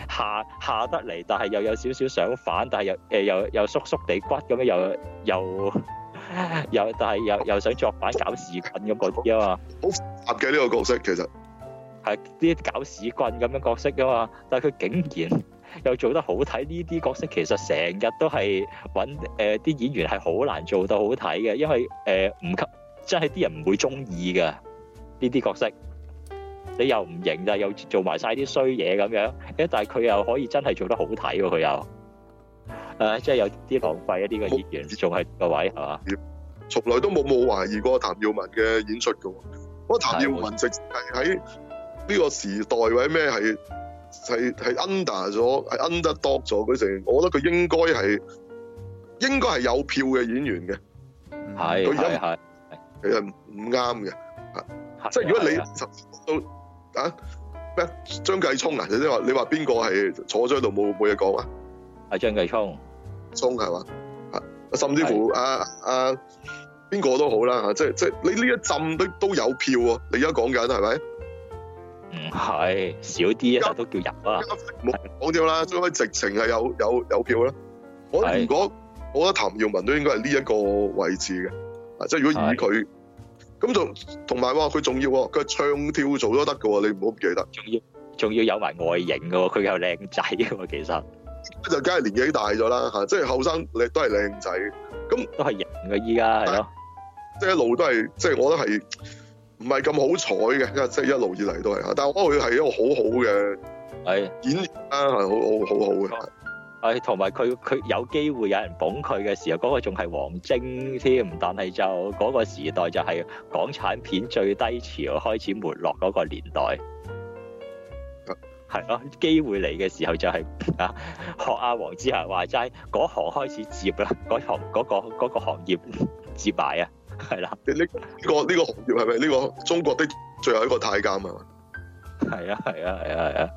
B: 誒下下得嚟，但係又有少少相反，但係又誒又又縮縮地骨咁樣又又。又但係又又想作反搞屎棍咁嗰啲啊嘛，好合嘅呢個角色其實係啲搞屎棍咁樣角色噶嘛，但係佢竟然又做得好睇呢啲角色其實成日都係揾，誒啲演員係好難做到好睇嘅，因為誒唔吸真係啲人唔會中意嘅呢啲角色，你又唔型又做埋晒啲衰嘢咁樣，但係佢又可以真係做得好睇喎佢又。誒、啊，即係有啲浪費一啲嘅演員，仲係個位係嘛？
C: 從來都冇冇懷疑過譚耀文嘅演出噶。
B: 的我譚耀文
C: 直係喺呢個時代或者咩係係係 under 咗，係 underdog 咗佢成。我覺得佢應該係應該係有票嘅演員嘅。係佢而家其實唔啱嘅。即係如果你的都啊咩張繼聰啊，你你即話你話邊個係坐喺度冇冇嘢講啊？係張繼聰，聰，聰係嘛？啊，甚至乎啊是啊，邊、啊、個都好啦嚇，即係即係呢呢一陣都都有票喎。你而家講
B: 緊係咪？唔係少啲都叫入啊。
C: 冇講點啦，最開是直情係有有有票啦。我如果是我覺得譚耀文都應該係呢一個位置嘅，即係如果以佢咁就同埋話佢仲要喎，佢唱跳做都得㗎喎，你唔好唔記得。仲要仲要有埋外形㗎喎，佢有靚仔嘅喎，其實。就梗係年紀大咗啦嚇，即係後生你都係靚仔，咁都係人嘅，依家係咯，即係是的一路都係，即係我覺得係唔係咁好彩嘅，即係一路以嚟都係嚇。但係我覺得佢係一個好好嘅，係演啊係好好好好嘅。
B: 係同埋佢佢有機會有人捧佢嘅時候，嗰個仲係王晶添，但係就嗰個時代就係港產片最低潮開始沒落嗰個年代。係咯，機會嚟嘅時候就係、係、啊，學阿黃子華話齋，嗰行開始接啦，嗰行嗰、嗰個嗰個嗰個行業接埋啊，係啦，
C: 呢呢、呢個呢、呢個行業係咪呢個中國的最後一個太監啊？係啊係
B: 啊係啊係啊！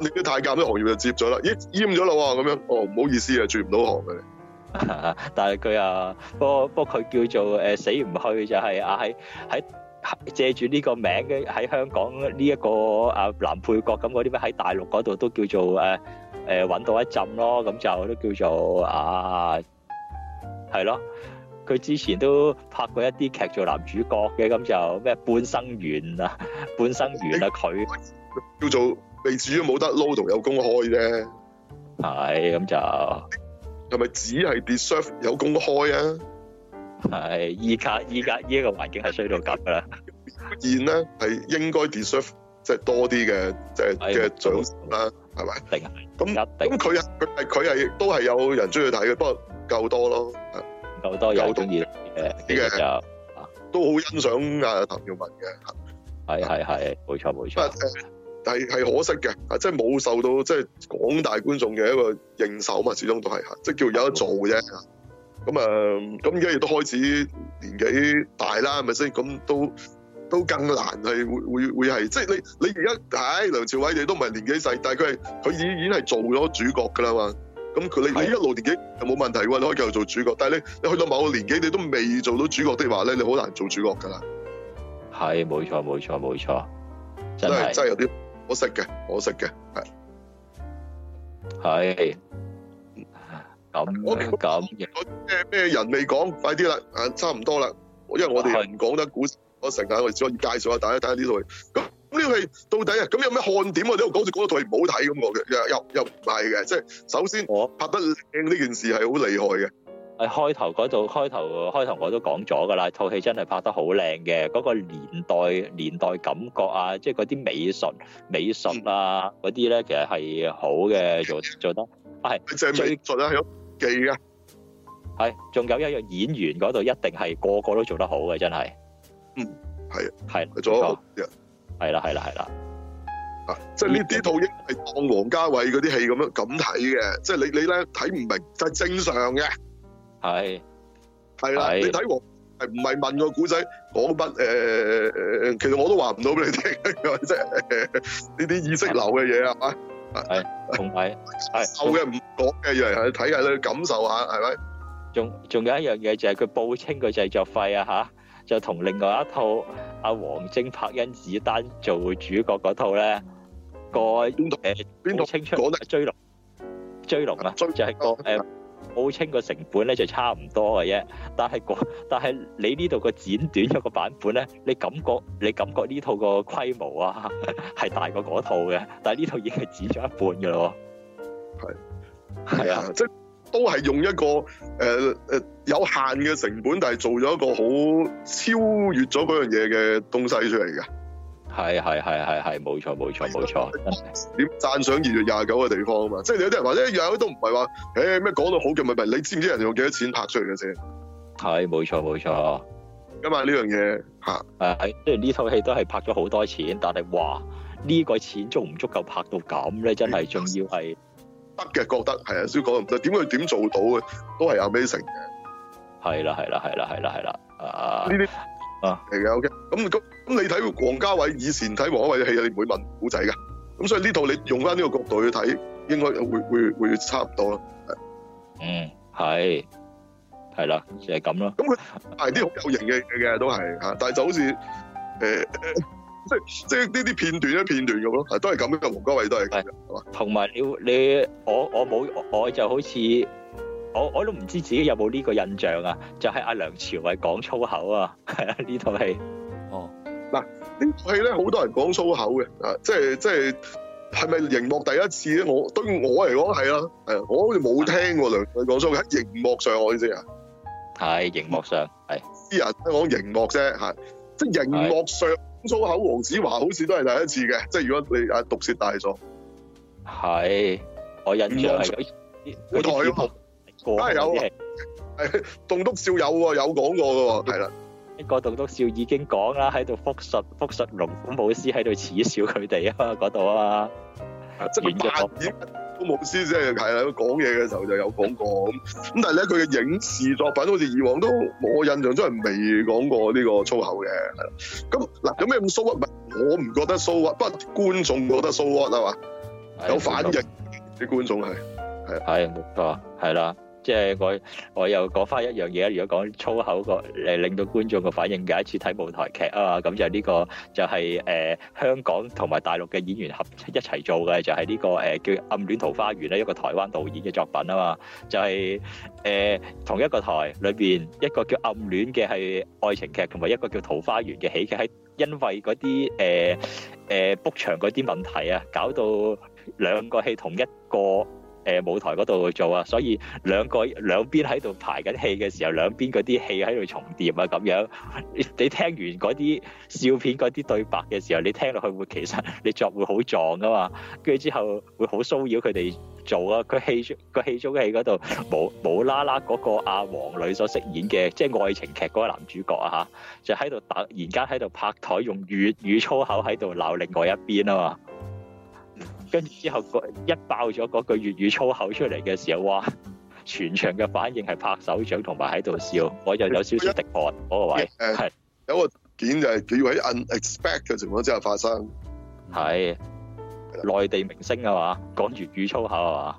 C: 你啲的太監啲行業就接咗啦，咦閹咗啦喎咁樣，哦唔好意思啊，轉唔到行嘅。
B: 但係佢啊，不過不過佢叫做誒、呃、死唔去就係啊喺喺。借住呢個名，喺香港呢一個啊男配角咁嗰啲咩，喺大陸嗰度都叫做誒誒揾到一浸咯，咁就都叫做啊係咯，佢之前都拍過一啲劇做男主角嘅，咁就咩半生緣啊，半生緣啊，佢叫做
C: 被至都冇得 load 有公開啫，係咁就係咪只係啲 show 有公開啊？係，依家依家，依一個環境係衰到咁噶啦。現咧係應該 deserve 即係多啲嘅，即係嘅獎啦，係咪？定係咁咁佢係佢係都係有人中意睇嘅，不過夠多咯，夠多嘅，中意嘅，啲嘅都好欣賞啊！譚耀文嘅係係係，冇錯冇錯，係係可惜嘅，即係冇受到即係廣大觀眾嘅一個認受嘛，始終都係即係叫有得做嘅啫。嗯咁啊，咁而家亦都開始年紀大啦，係咪先？咁都都更難係會會會係，即係你你而家睇梁朝偉，你都唔係年紀細，但係佢係佢已經已經係做咗主角噶啦嘛。咁佢係你一路年紀就冇問題嘅話，你可以繼續做主角。但係你你去到某個年紀，你都未做到主角的話咧，你好難做主角噶啦。係，冇錯冇錯冇錯，真係真係有啲可惜嘅，可惜嘅。係。咁嘅，咁嘅、啊，咩咩人未講？啊、快啲啦，差唔多啦，因為我哋唔講得古我成日，我哋可以介紹下大家睇下呢套戲。咁呢套戲到底啊？咁有咩看點啊？即係好似嗰套戲唔好睇咁嘅，又又又唔係嘅。即係首先我拍得靚呢件事係好厲
B: 害嘅。係開頭嗰度，開頭開頭,開頭我都講咗㗎啦。套戲真係拍得好靚嘅，嗰、嗰個年代年代感覺啊，即係嗰啲美術美術啊嗰啲咧，其實係好嘅，做做得。係最熟啊，演技啊，係仲有一樣演員嗰度，一定係個個都做得好嘅，真係。嗯，係啊，係，仲有，係啦，係啦，係啦。啊，即係呢啲
C: 套應該係當王家衛嗰啲戲咁樣咁睇嘅，即係你你咧睇唔明就係正常嘅。係係啦，你睇王係唔係問個古仔講乜？誒，其實我都話唔到俾你聽，即係誒呢啲意識流嘅
B: 嘢係嘛？
A: 係，同埋
B: 係，受嘅唔講嘅，而係睇嘅，你去感受下，係咪？仲仲有一樣嘢就係佢報稱佢製作費啊吓，就同另外一套阿王晶拍甄子丹做主角嗰套咧，個誒報清出嚟追龍，追龍啊，就係個誒。號稱個成本咧就差唔多嘅啫，但係但係你呢度個剪短咗個版本咧，你感覺你感覺呢套個規模啊係大過嗰套嘅，但係呢套已經係剪咗一半噶咯，係係是啊，啊即係都係用一個
C: 誒誒、呃呃、有限嘅成本，但係做咗一個好超越咗嗰樣嘢嘅東西出嚟嘅。
B: 係係係係係冇錯冇錯冇錯，真係
C: 點讚賞二月廿九嘅地方啊嘛！即係有啲人話一有都唔係話，誒咩講到好嘅咪咪，你知
B: 唔知人哋用幾多錢拍出嚟嘅先？係冇錯冇錯，因為呢樣嘢吓誒，即係呢套戲都係拍咗好多錢，但係哇呢個錢足唔足夠拍到咁咧？真係仲是要係
C: 得嘅，覺得係啊，先講唔得，點佢點做到嘅？都係 amazing 嘅，
B: 係啦係啦係啦係啦係啦啊！啊，係
C: 嘅，OK。咁咁咁，你睇王家衞以前睇王家衞嘅戲，你唔會問古仔噶。咁所以呢套你用翻呢個角度去睇，應該會會會差唔多咯。是，嗯，係，係啦，就係咁啦。咁佢係啲好有型嘅嘢嘅都係嚇、啊，但係就
B: 好似誒即係即係呢啲片段一片段咁咯，都係咁嘅，王家衞都係。同埋你你我我冇我就好似。我我都唔知自己有冇呢個印象啊，就係、是、阿、啊、梁朝偉講粗口啊，係啊呢套戲。哦，
C: 嗱、這個、呢套戲咧好多人講粗口嘅，啊即係即係係咪熒幕第一次咧、嗯啊？我對我嚟講係啊，誒我好似冇聽過梁朝偉講粗口喺熒幕上，我意思啊。係熒幕，
B: 就是、幕上係
C: 啲人講熒幕啫，係即係熒幕上粗口，黃子華好似都係第一次嘅，即係如果你啊毒舌大狀。
B: 係我印象係、那個，都係有嘅，棟篤笑有，有講過嘅，係啦。一個棟篤笑已經講啦，喺度複述複述龍虎武師喺度恥笑佢哋啊，嗰度啊。即係，龍
C: 武師即係係喺講嘢嘅時候就有講過咁。咁但係咧，佢嘅影視作品好似以往都，我印象中係未講過呢個粗口嘅。咁嗱，有咩咁騷屈？唔係，我唔覺得騷屈，不過觀眾覺得騷屈啊嘛，有
B: 反應，啲觀眾係係係啊，冇錯，係啦。即係我我又講翻一樣嘢啦，如果講粗口個嚟令到觀眾嘅反應，第一次睇舞台劇啊嘛，咁就呢個就係誒香港同埋大陸嘅演員合一齊做嘅，就係呢個誒叫《暗戀桃花源》咧，一個台灣導演嘅作品啊嘛，就係誒同一個台裏邊一個叫《暗戀》嘅係愛情劇，同埋一個叫《桃花源》嘅喜劇，喺因為嗰啲誒誒 book 場嗰啲問題啊，搞到兩個戲同一個。誒舞台嗰度去做啊，所以兩個兩邊喺度排緊戲嘅時候，兩邊嗰啲戲喺度重疊啊，咁樣你，你聽完嗰啲笑片嗰啲對白嘅時候，你聽落去會其實你作會好撞噶啊嘛，跟住之後會好騷擾佢哋做啊。佢戲中佢戲中戲嗰度冇冇啦啦嗰個阿王女所飾演嘅即係愛情劇嗰個男主角啊，就喺度突然間喺度拍台用粵語，語，語粗口喺度鬧另外一邊啊嘛。跟住之後，一爆咗嗰句粵語粗口出嚟嘅時候，哇！全場嘅反應係拍手掌同埋喺度笑，我就有少少滴汗。啊是！嗰個位係是是有個
C: 件就係、是、佢位 unexpect 嘅情況之下發生，
B: 係是的內地明星係嘛講粵語粗口係嘛？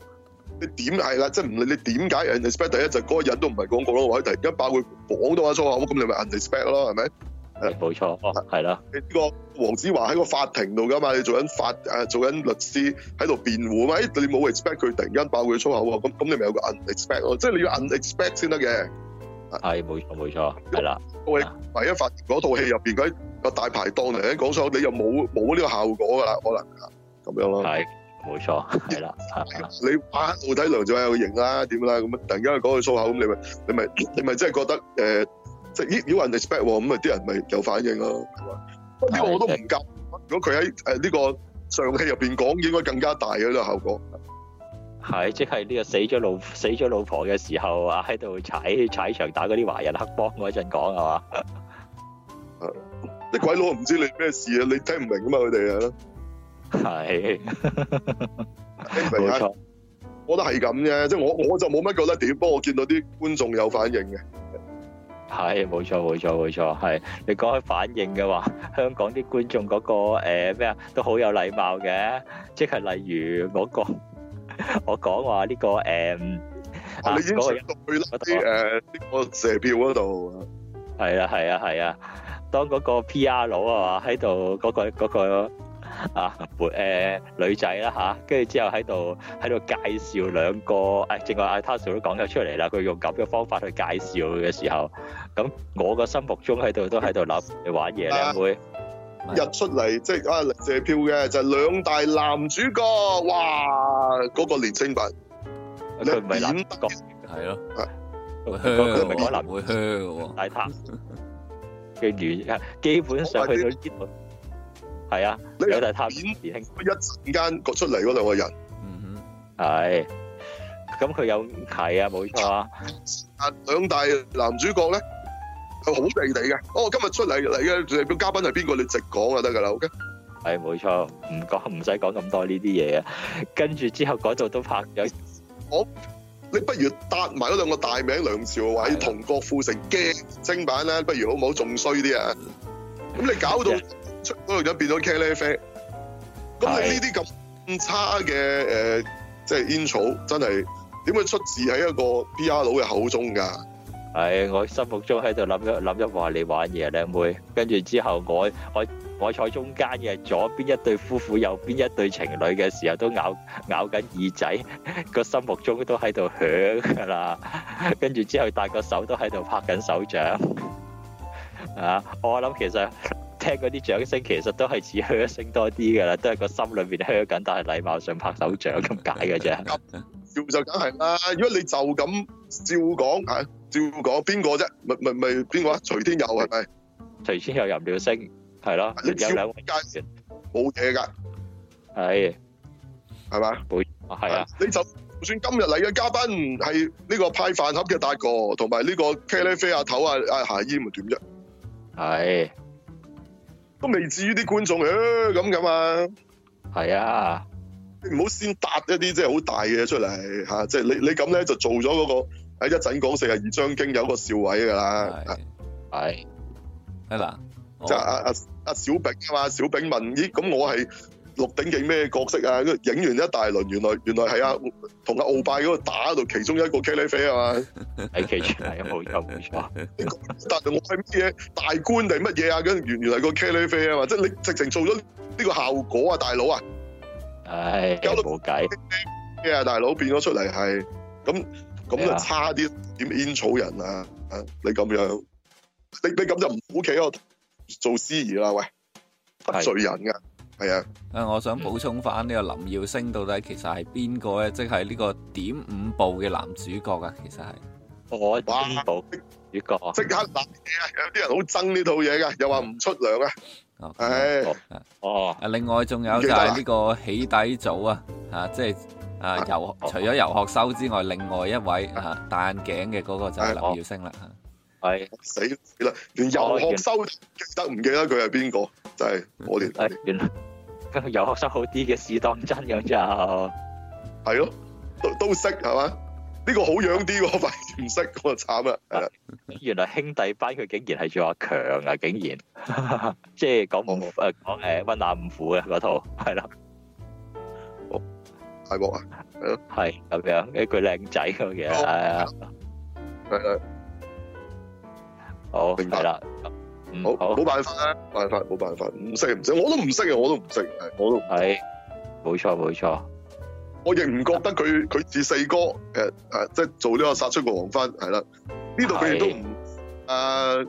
B: 你點係啦？即係唔你點解 unexpect 第一
C: 就嗰、是、個人都唔係廣告咯，或者突然間爆佢講多下粗口，咁你咪 unexpect 咯，係咪？冇
B: 錯，係啦、
C: 哦。你呢個黃子華喺個的在法庭度噶嘛？你做緊法誒，做緊律師喺度辯護嘛？的的你冇 expect 佢，突然間爆佢粗口啊！咁咁你咪有個 unexpect 咯，即係你要 unexpect 先得嘅。
B: 係，冇錯，冇錯，係啦。
C: 各位，第一法庭嗰套戲入邊個大排檔嚟講粗口，你又冇冇呢個效果噶啦？可能咁樣咯。係，冇錯，係啦。你反我睇梁振英型啦，點啦？咁啊，突然間講佢粗口，咁你咪你咪你咪真係覺得誒？呃即係咦，respect，人 respect 喎，咁啊啲人咪有反應咯。呢個我都唔夾。如果佢喺呢個上戲入面講，應該更加大嘅啦效果。
B: 係，即係呢個死咗老死咗老婆嘅時候啊，喺度踩踩場打嗰啲華人黑幫嗰陣講係嘛？
C: 你鬼佬唔知你咩事啊？你聽唔明啊嘛？佢哋係咯。
B: 係。冇錯。我，我，
C: 我覺得係咁嘅，即係我我就冇乜覺得點，不過我見到
B: 啲觀眾有反應嘅。係，冇錯冇錯冇錯，係你講開反應嘅話，香港啲觀眾嗰個誒咩啊，都好有禮貌嘅，即係例如嗰個我講話呢個誒，
A: 我已經成對
B: 啦啲誒呢個射票嗰度，係啊係啊係啊，當嗰個 P.R. 佬啊嘛喺度嗰個嗰個。啊，妹，誒，女仔啦吓，跟住之後喺度喺度介紹兩個，誒，正話阿 Tasuku 都講咗出嚟啦，佢用咁嘅方法去介紹佢嘅時候，咁我個心目中喺度都喺度諗，你玩嘢咧會，
C: 日出嚟，即係啊，借票嘅就係兩大男主角，哇，嗰個年青版，佢唔係男，係
B: 咯，香，唔係男，會香喎，大塔，跟住，基本上去到呢度。係啊，兩大貪錢年輕，一陣間割出嚟嗰兩個人，嗯哼，係，咁佢有係啊，冇錯。
C: 兩大男主角咧佢好地地嘅。哦，今日出嚟嚟嘅
B: 代表嘉賓係邊個？你直講啊，得噶啦，OK。係冇錯，唔講唔使講咁多呢啲嘢啊。跟住之後嗰度都拍咗，我你不如搭埋嗰兩個
C: 大名梁朝偉同郭富城嘅精版啦，不如好唔好？仲衰啲啊？咁你搞到。嗰個人變咗茄喱啡，咁你呢啲咁差嘅，誒，即係煙草，真係點會出自喺一個 B R 佬嘅
B: 口中噶？係我心目中喺度諗咗諗咗話你玩嘢靚妹，跟住之後我我我坐中間嘅左邊一對夫婦，右邊一對情侶嘅時候，都咬咬緊耳仔，個心目中都喺度響噶啦，跟住之後大個手都喺度拍緊手掌，啊！我諗其實。聽嗰啲掌聲，其實都係似噓一聲多啲噶啦，都係個心裏邊噓緊，但係禮貌上拍手掌咁解噶啫。笑
C: 就梗係啦，如果你就咁照講，係照講邊個啫？咪咪咪邊個啊？徐天佑係咪？
B: 徐天佑入唔了聲，係咯。有兩位嘉賓，冇嘢噶。係，
A: 係嘛？冇，係啊。
C: 你就就算今日嚟嘅嘉賓係呢個派飯盒嘅大哥，同埋呢個茄喱啡阿頭啊阿夏煙，又點啫？
A: 係。
C: 都未至於啲觀眾誒咁咁啊！係啊，你唔好先搭一啲即係好大嘅出嚟嚇，即係你你咁咧就做咗嗰、那個喺一陣講四十二章經有個笑位㗎啦，係
A: 係啦，啊、的即係
C: 阿阿阿小炳啊嘛，小炳問咦咁我係。鹿鼎記影咩角色啊？影完一大輪，原來原來係啊，同阿鰲拜嗰個打到其中一個茄喱啡啊嘛，
B: 係 K，係冇
C: 錯。但係我係乜嘢大官定乜嘢啊？跟住原原來個茄喱啡啊嘛，即係你直情做咗呢個效果啊，大佬啊，唉，
B: 交到冇計。
C: 咩啊，大佬變咗出嚟係咁咁啊，差啲點煙草人啊你咁樣，你你咁就唔好企喺度做司儀啦，喂，得罪人噶、啊。
A: 係啊，誒，我想補充翻呢個林耀星到底其實係邊個咧？即係呢個點五步嘅男主角啊，其實係我我，我，我，主角，即刻諗
C: 嘢啊！有啲人好憎呢套嘢嘅，又話唔出糧啊！哦，哦，
A: 啊，另外仲有就係呢個起底組啊，啊，即係啊游除咗遊學修之外，另外一位啊戴眼鏡嘅嗰個就係林耀星啦。係死死啦，連遊學
C: 修記得唔記得佢係邊個？就係我哋。又學生好啲嘅事當真咁
B: 就係咯，都都識係嘛？呢個好樣啲，唔識我就慘啦。原來兄弟班佢竟然係做阿強啊！竟然即係講母誒講誒溫拿五虎嘅嗰套係啦，大哥啊？係咁樣一個靚仔咁樣係啊，係啦，好係啦。不好冇辦法啊！
C: 辦法冇辦法，唔識唔識，我都唔識啊！我都唔識，係我都唔係冇錯冇錯，我亦唔覺得佢佢似四哥誒誒，即係做呢個殺出個黃昏係啦。呢度佢亦都唔誒，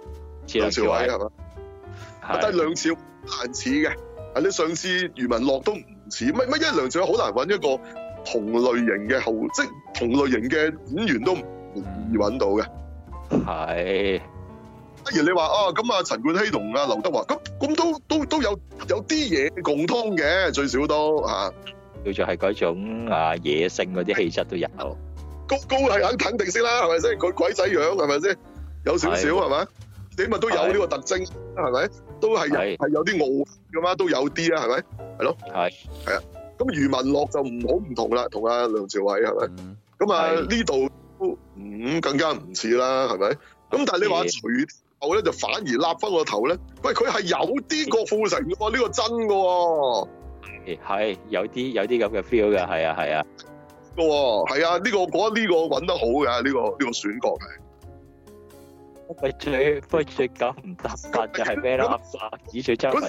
A: 梁朝偉係嘛？
C: 但係梁朝難似嘅，係你上次余文樂都唔似，乜咪因為梁朝偉好難揾一個同類型嘅後，即係同類型嘅演員都唔易揾到嘅，係。不如你話啊，咁啊陳冠希同阿劉德華
B: 咁，咁都都都有有啲嘢共通嘅，最少都嚇。佢就係嗰種啊野性嗰啲氣質都有。
C: 高高係肯定先啦，係咪先？佢鬼仔樣係咪先？有少少係咪？你咪都有呢個特徵，係咪？都係係有啲傲嘅嘛，都有啲啊，係咪？係咯。
B: 係係啊，
C: 咁余文樂就唔好唔同啦，同阿梁朝偉係咪？咁啊呢度都唔更加唔似啦，係咪？咁但係你話徐。後咧就反而立翻個頭咧，喂佢係有啲郭富城嘅，呢個真嘅，
B: 係有啲有啲咁嘅 feel 嘅，係啊係啊，
C: 嘅係啊呢、啊啊啊這個我覺得呢個揾、這個、得好嘅呢、這個呢、這個選
B: 角係，喂最喂最九唔搭八就係咩啦？紫
C: 水晶咪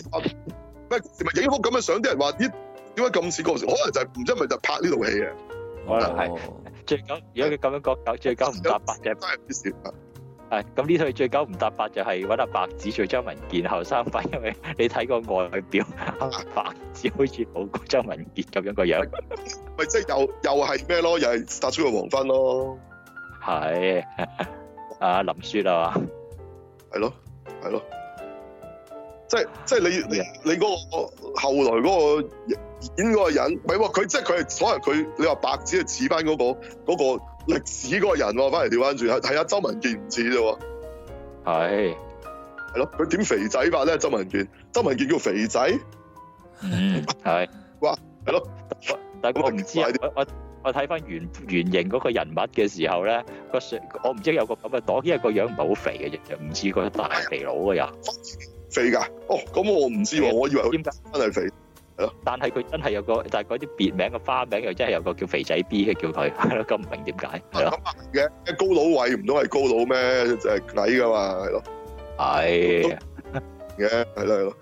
C: 咪影幅咁嘅相，啲人話咦？點解咁似郭富城可能就唔、
B: 是、知咪就是、拍呢套戲啊？可能係最狗。如果佢咁樣講搞，最九唔搭八就，真係係咁呢套最鳩唔搭八就係揾阿白紙做張文健後生版，因為你睇個外表，白紙好似好過張文健咁樣個樣。
C: 咪即係又又係咩咯？又係殺出個黃昏咯。
B: 係阿林雪啊嘛，係咯，係咯。
C: 即係即係你 你你嗰、那個後來嗰個演嗰個人，唔係佢即係佢係，所謂佢你話白紙係似翻嗰個嗰個。那個歷史嗰個人喎，翻嚟調翻轉，睇下周文健唔似啫，
B: 係
C: 係咯，佢點肥仔法咧？周
B: 文健，周文健叫肥仔，嗯係是，哇係咯，但係我唔知啊，我我睇翻原原型嗰個人物嘅時候咧，個我唔知有個咁嘅朵，因為個樣唔係好肥嘅啫，唔似個大肥佬嘅又肥噶，哦咁我唔知，我以為點解真係肥。但係佢真係有個，但係嗰啲別名個花名又真係有個叫肥仔 B 嘅叫佢，係咯咁唔明點解？係咁
C: 明嘅，高佬位唔通係高佬咩？就係矮㗎嘛，係咯，係嘅，係咯，係咯，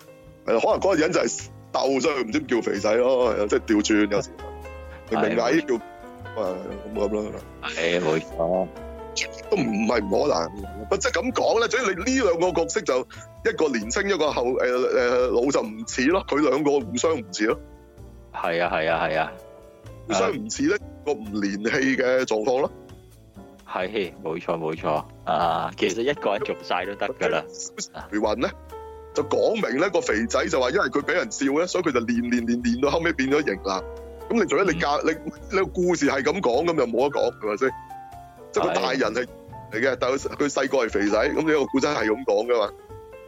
C: 可能嗰個人就係斗上去，唔知叫肥仔咯，即係調轉有時，
B: 明明矮
C: 叫，誒咁咁啦，
B: 係會哦。
C: 都唔係唔可能，即係咁講咧。所以你呢兩個角色就一個年輕，一個後誒誒老就唔似咯。佢兩個互相唔似咯。
B: 係啊係啊係啊，互相唔似咧個唔連氣嘅狀況咯。係，冇錯冇錯啊。其實一個人做晒都得噶啦。肥雲咧就講
C: 明咧個肥仔就話，因為佢俾人笑咧，所以佢就練練練練到後尾變咗型啦。咁你，除非你教你你個故事係咁講，咁就冇得講，係咪先？即係個大人係嚟嘅，但佢細個係肥仔，咁你個古仔係咁講噶嘛？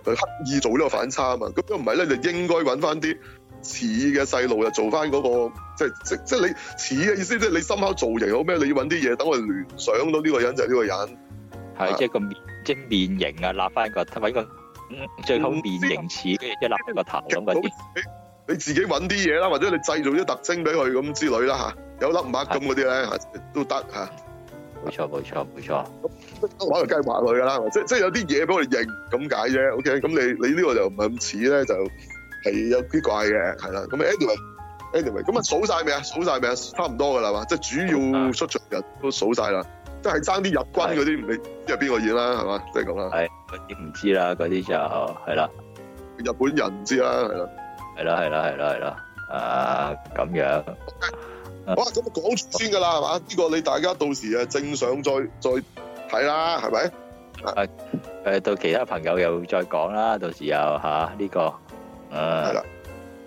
C: 佢刻意做呢個反差啊嘛！咁如果唔係咧，就應該揾翻啲似嘅細路，又做翻嗰個即係即即係你似嘅意思，即係你深刻造型好咩？你要揾啲嘢等佢聯想到呢個人就呢個人，
B: 係即係個面即係、就是、面型啊，立翻個揦翻個，個，最好面型似，跟住一揦翻個頭咁啲。
C: 你自己揾啲嘢啦，或者你製造啲特徵俾佢咁之類啦吓，有粒墨咁嗰啲咧吓都得吓。
B: 冇錯
C: 冇錯冇錯，我話梗係話佢噶啦，即即有啲嘢俾我哋認咁解啫。OK，咁你你呢個就唔係咁似咧，就係有啲怪嘅，係啦。咁啊，Anyway，Anyway，咁啊數晒未啊？數晒未啊？差唔多噶啦嘛，即主要出場人都數晒啦，即係爭啲入軍嗰啲，你知係邊個演啦，係嘛，都係咁啦。係嗰啲唔知啦，嗰啲就係啦，日本人唔知啦，係啦，係啦，係啦，係啦，啊咁樣。哇！咁講住先噶啦，係嘛？呢個你大家到時啊正常再再
B: 睇啦，係咪？誒誒，到其他朋友又再講啦，到時又吓
C: 呢個，係啦，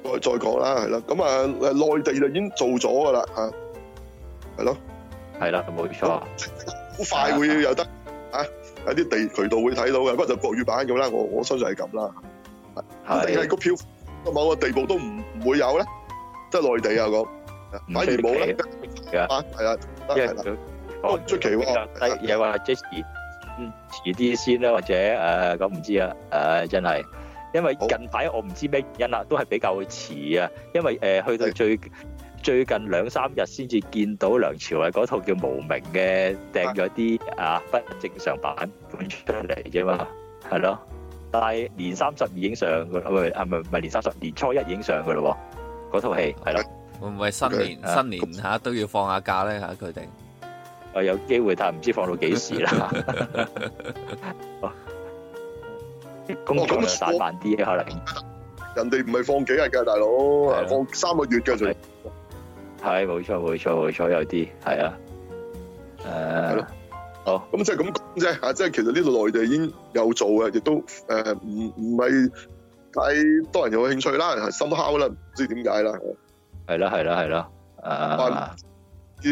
C: 再再講啦，係啦。咁啊，內地就已經做咗噶啦，吓係咯，係啦，冇錯，好快會有得啊！有啲地渠道會睇到嘅，不過就國語版咁啦。我我相信係咁啦，係定係個票到某個地步都唔唔會有咧？即係內地啊，講。
B: 反而冇嘅，係啊，因為佢出奇喎，有話即時嗯遲啲先啦，或者誒，咁唔知啊，誒，真係因為近排我唔知咩原因啦，都係比較遲啊。因為誒去到最最近兩三日先至見到梁朝偉嗰套叫《無名》嘅訂咗啲啊不正常版本出嚟啫嘛，係咯。但係年三十二已上唔係啊，唔係唔係年三十，年初一已上噶咯，嗰套戲係咯。會唔
A: 會新年 Okay. 新年吓都要放下假咧吓佢哋？我有機會，但係唔知放到幾時啦。
C: 我咁啊，散慢啲可能。人哋唔係放幾日嘅，大佬的放三個月嘅，仲
B: 係冇錯，冇錯的，冇錯，錯錯有啲係啊。係咯。咁即係咁
C: 講啫吓，即係好、就是、其實呢度內地已經有做嘅，亦都誒，唔唔係太多人有興趣啦，係深拋啦，唔知點解啦。
B: 係啦，係啦，係啦，
C: 啊！要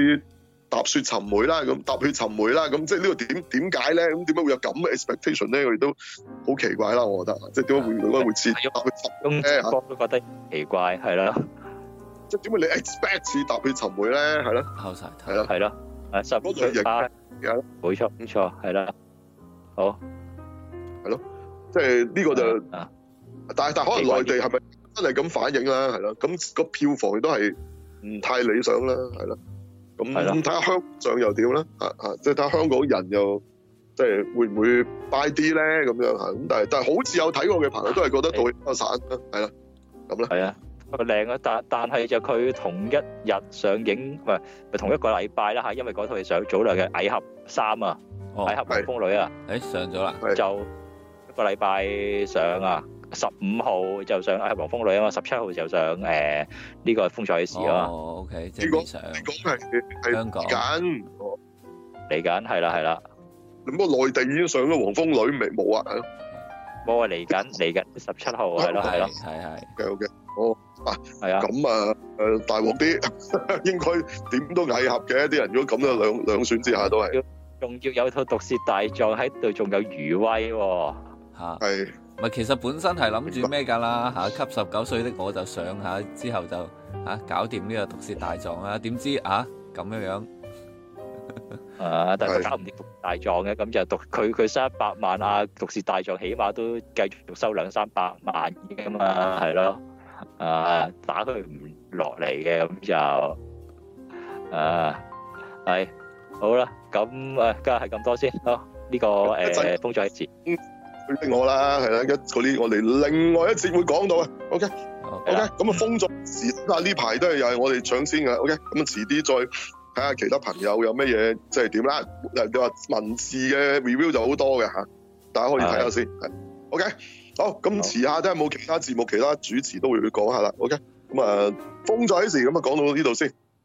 C: 踏雪尋梅啦，咁踏血尋梅啦，咁即係呢個點點解咧？咁點解會有咁嘅 expectation 咧？我哋都好奇怪啦，我覺得，即係點解會會咁會切梅咧？
B: 我都覺得奇怪，係啦，即係點解你 expect 踏血尋梅咧？
A: 係啦，
B: 係啦，係啦，啊，踏冇錯，冇錯，係啦，好，係咯，即係呢個就，
C: 但係但可能內地係咪？真係咁反應啦，係啦，咁個票房亦都係唔太理想啦，係啦，咁睇下香港又點啦，啊啊，即係睇下香港人又即係會唔會 buy 啲咧咁樣啊？咁但係但係好似有睇過嘅朋友都係覺得倒一
B: 包散啊，係啦，咁咧，係啊，個靚啊，但但係就佢同一日上映，唔係唔係同一個禮拜啦嚇，因為嗰套係上早兩嘅《蟻俠三》啊，《蟻俠風女》啊，誒上咗啦，就一個禮拜上啊。十五號就上，係《黃蜂女》啊嘛，十七號就上，誒呢個《風采》嘅事啊嘛。哦
A: ，O K，即係未上。香港嚟緊，
B: 嚟緊係啦係啦。咁我內地已經上咗《黃蜂女》未冇啊？冇啊嚟緊嚟緊，十七號係
C: 咯係
A: 咯
B: 係係。O K O K，好嗱，係啊。咁啊誒大鑊啲，
C: 應該點都契合嘅。啲人如果咁咧，兩兩選之下都係。
B: 仲要有套《毒舌
A: 大狀》喺度，仲有餘威喎。吓係。咪其實本身係諗住咩噶啦吓，給十九歲的我就上吓，之後就吓搞掂呢個毒舌大狀啦。點知吓咁樣樣啊？但係搞唔掂毒大狀嘅，
B: 咁就毒佢佢收一百萬啊，毒舌大狀起碼都繼續讀收兩三百萬噶嘛，係咯啊，打佢唔落嚟嘅，咁就啊係好啦，咁誒今日係咁多先，好呢個誒封咗一次。
C: 佢我啦，係啦，一嗰啲我哋另外一次會講到啊。OK，OK，咁啊，風再起時啊，呢排都係又係我哋搶先嘅，OK，咁啊遲啲再睇下其他朋友有咩嘢即係點啦。誒、就是，你話文字嘅 review 就好多嘅嚇，大家可以睇下先，OK，好，咁遲下都係冇其他節目，其他主持都會講下啦，OK，咁啊，風再起時咁啊講到呢度先。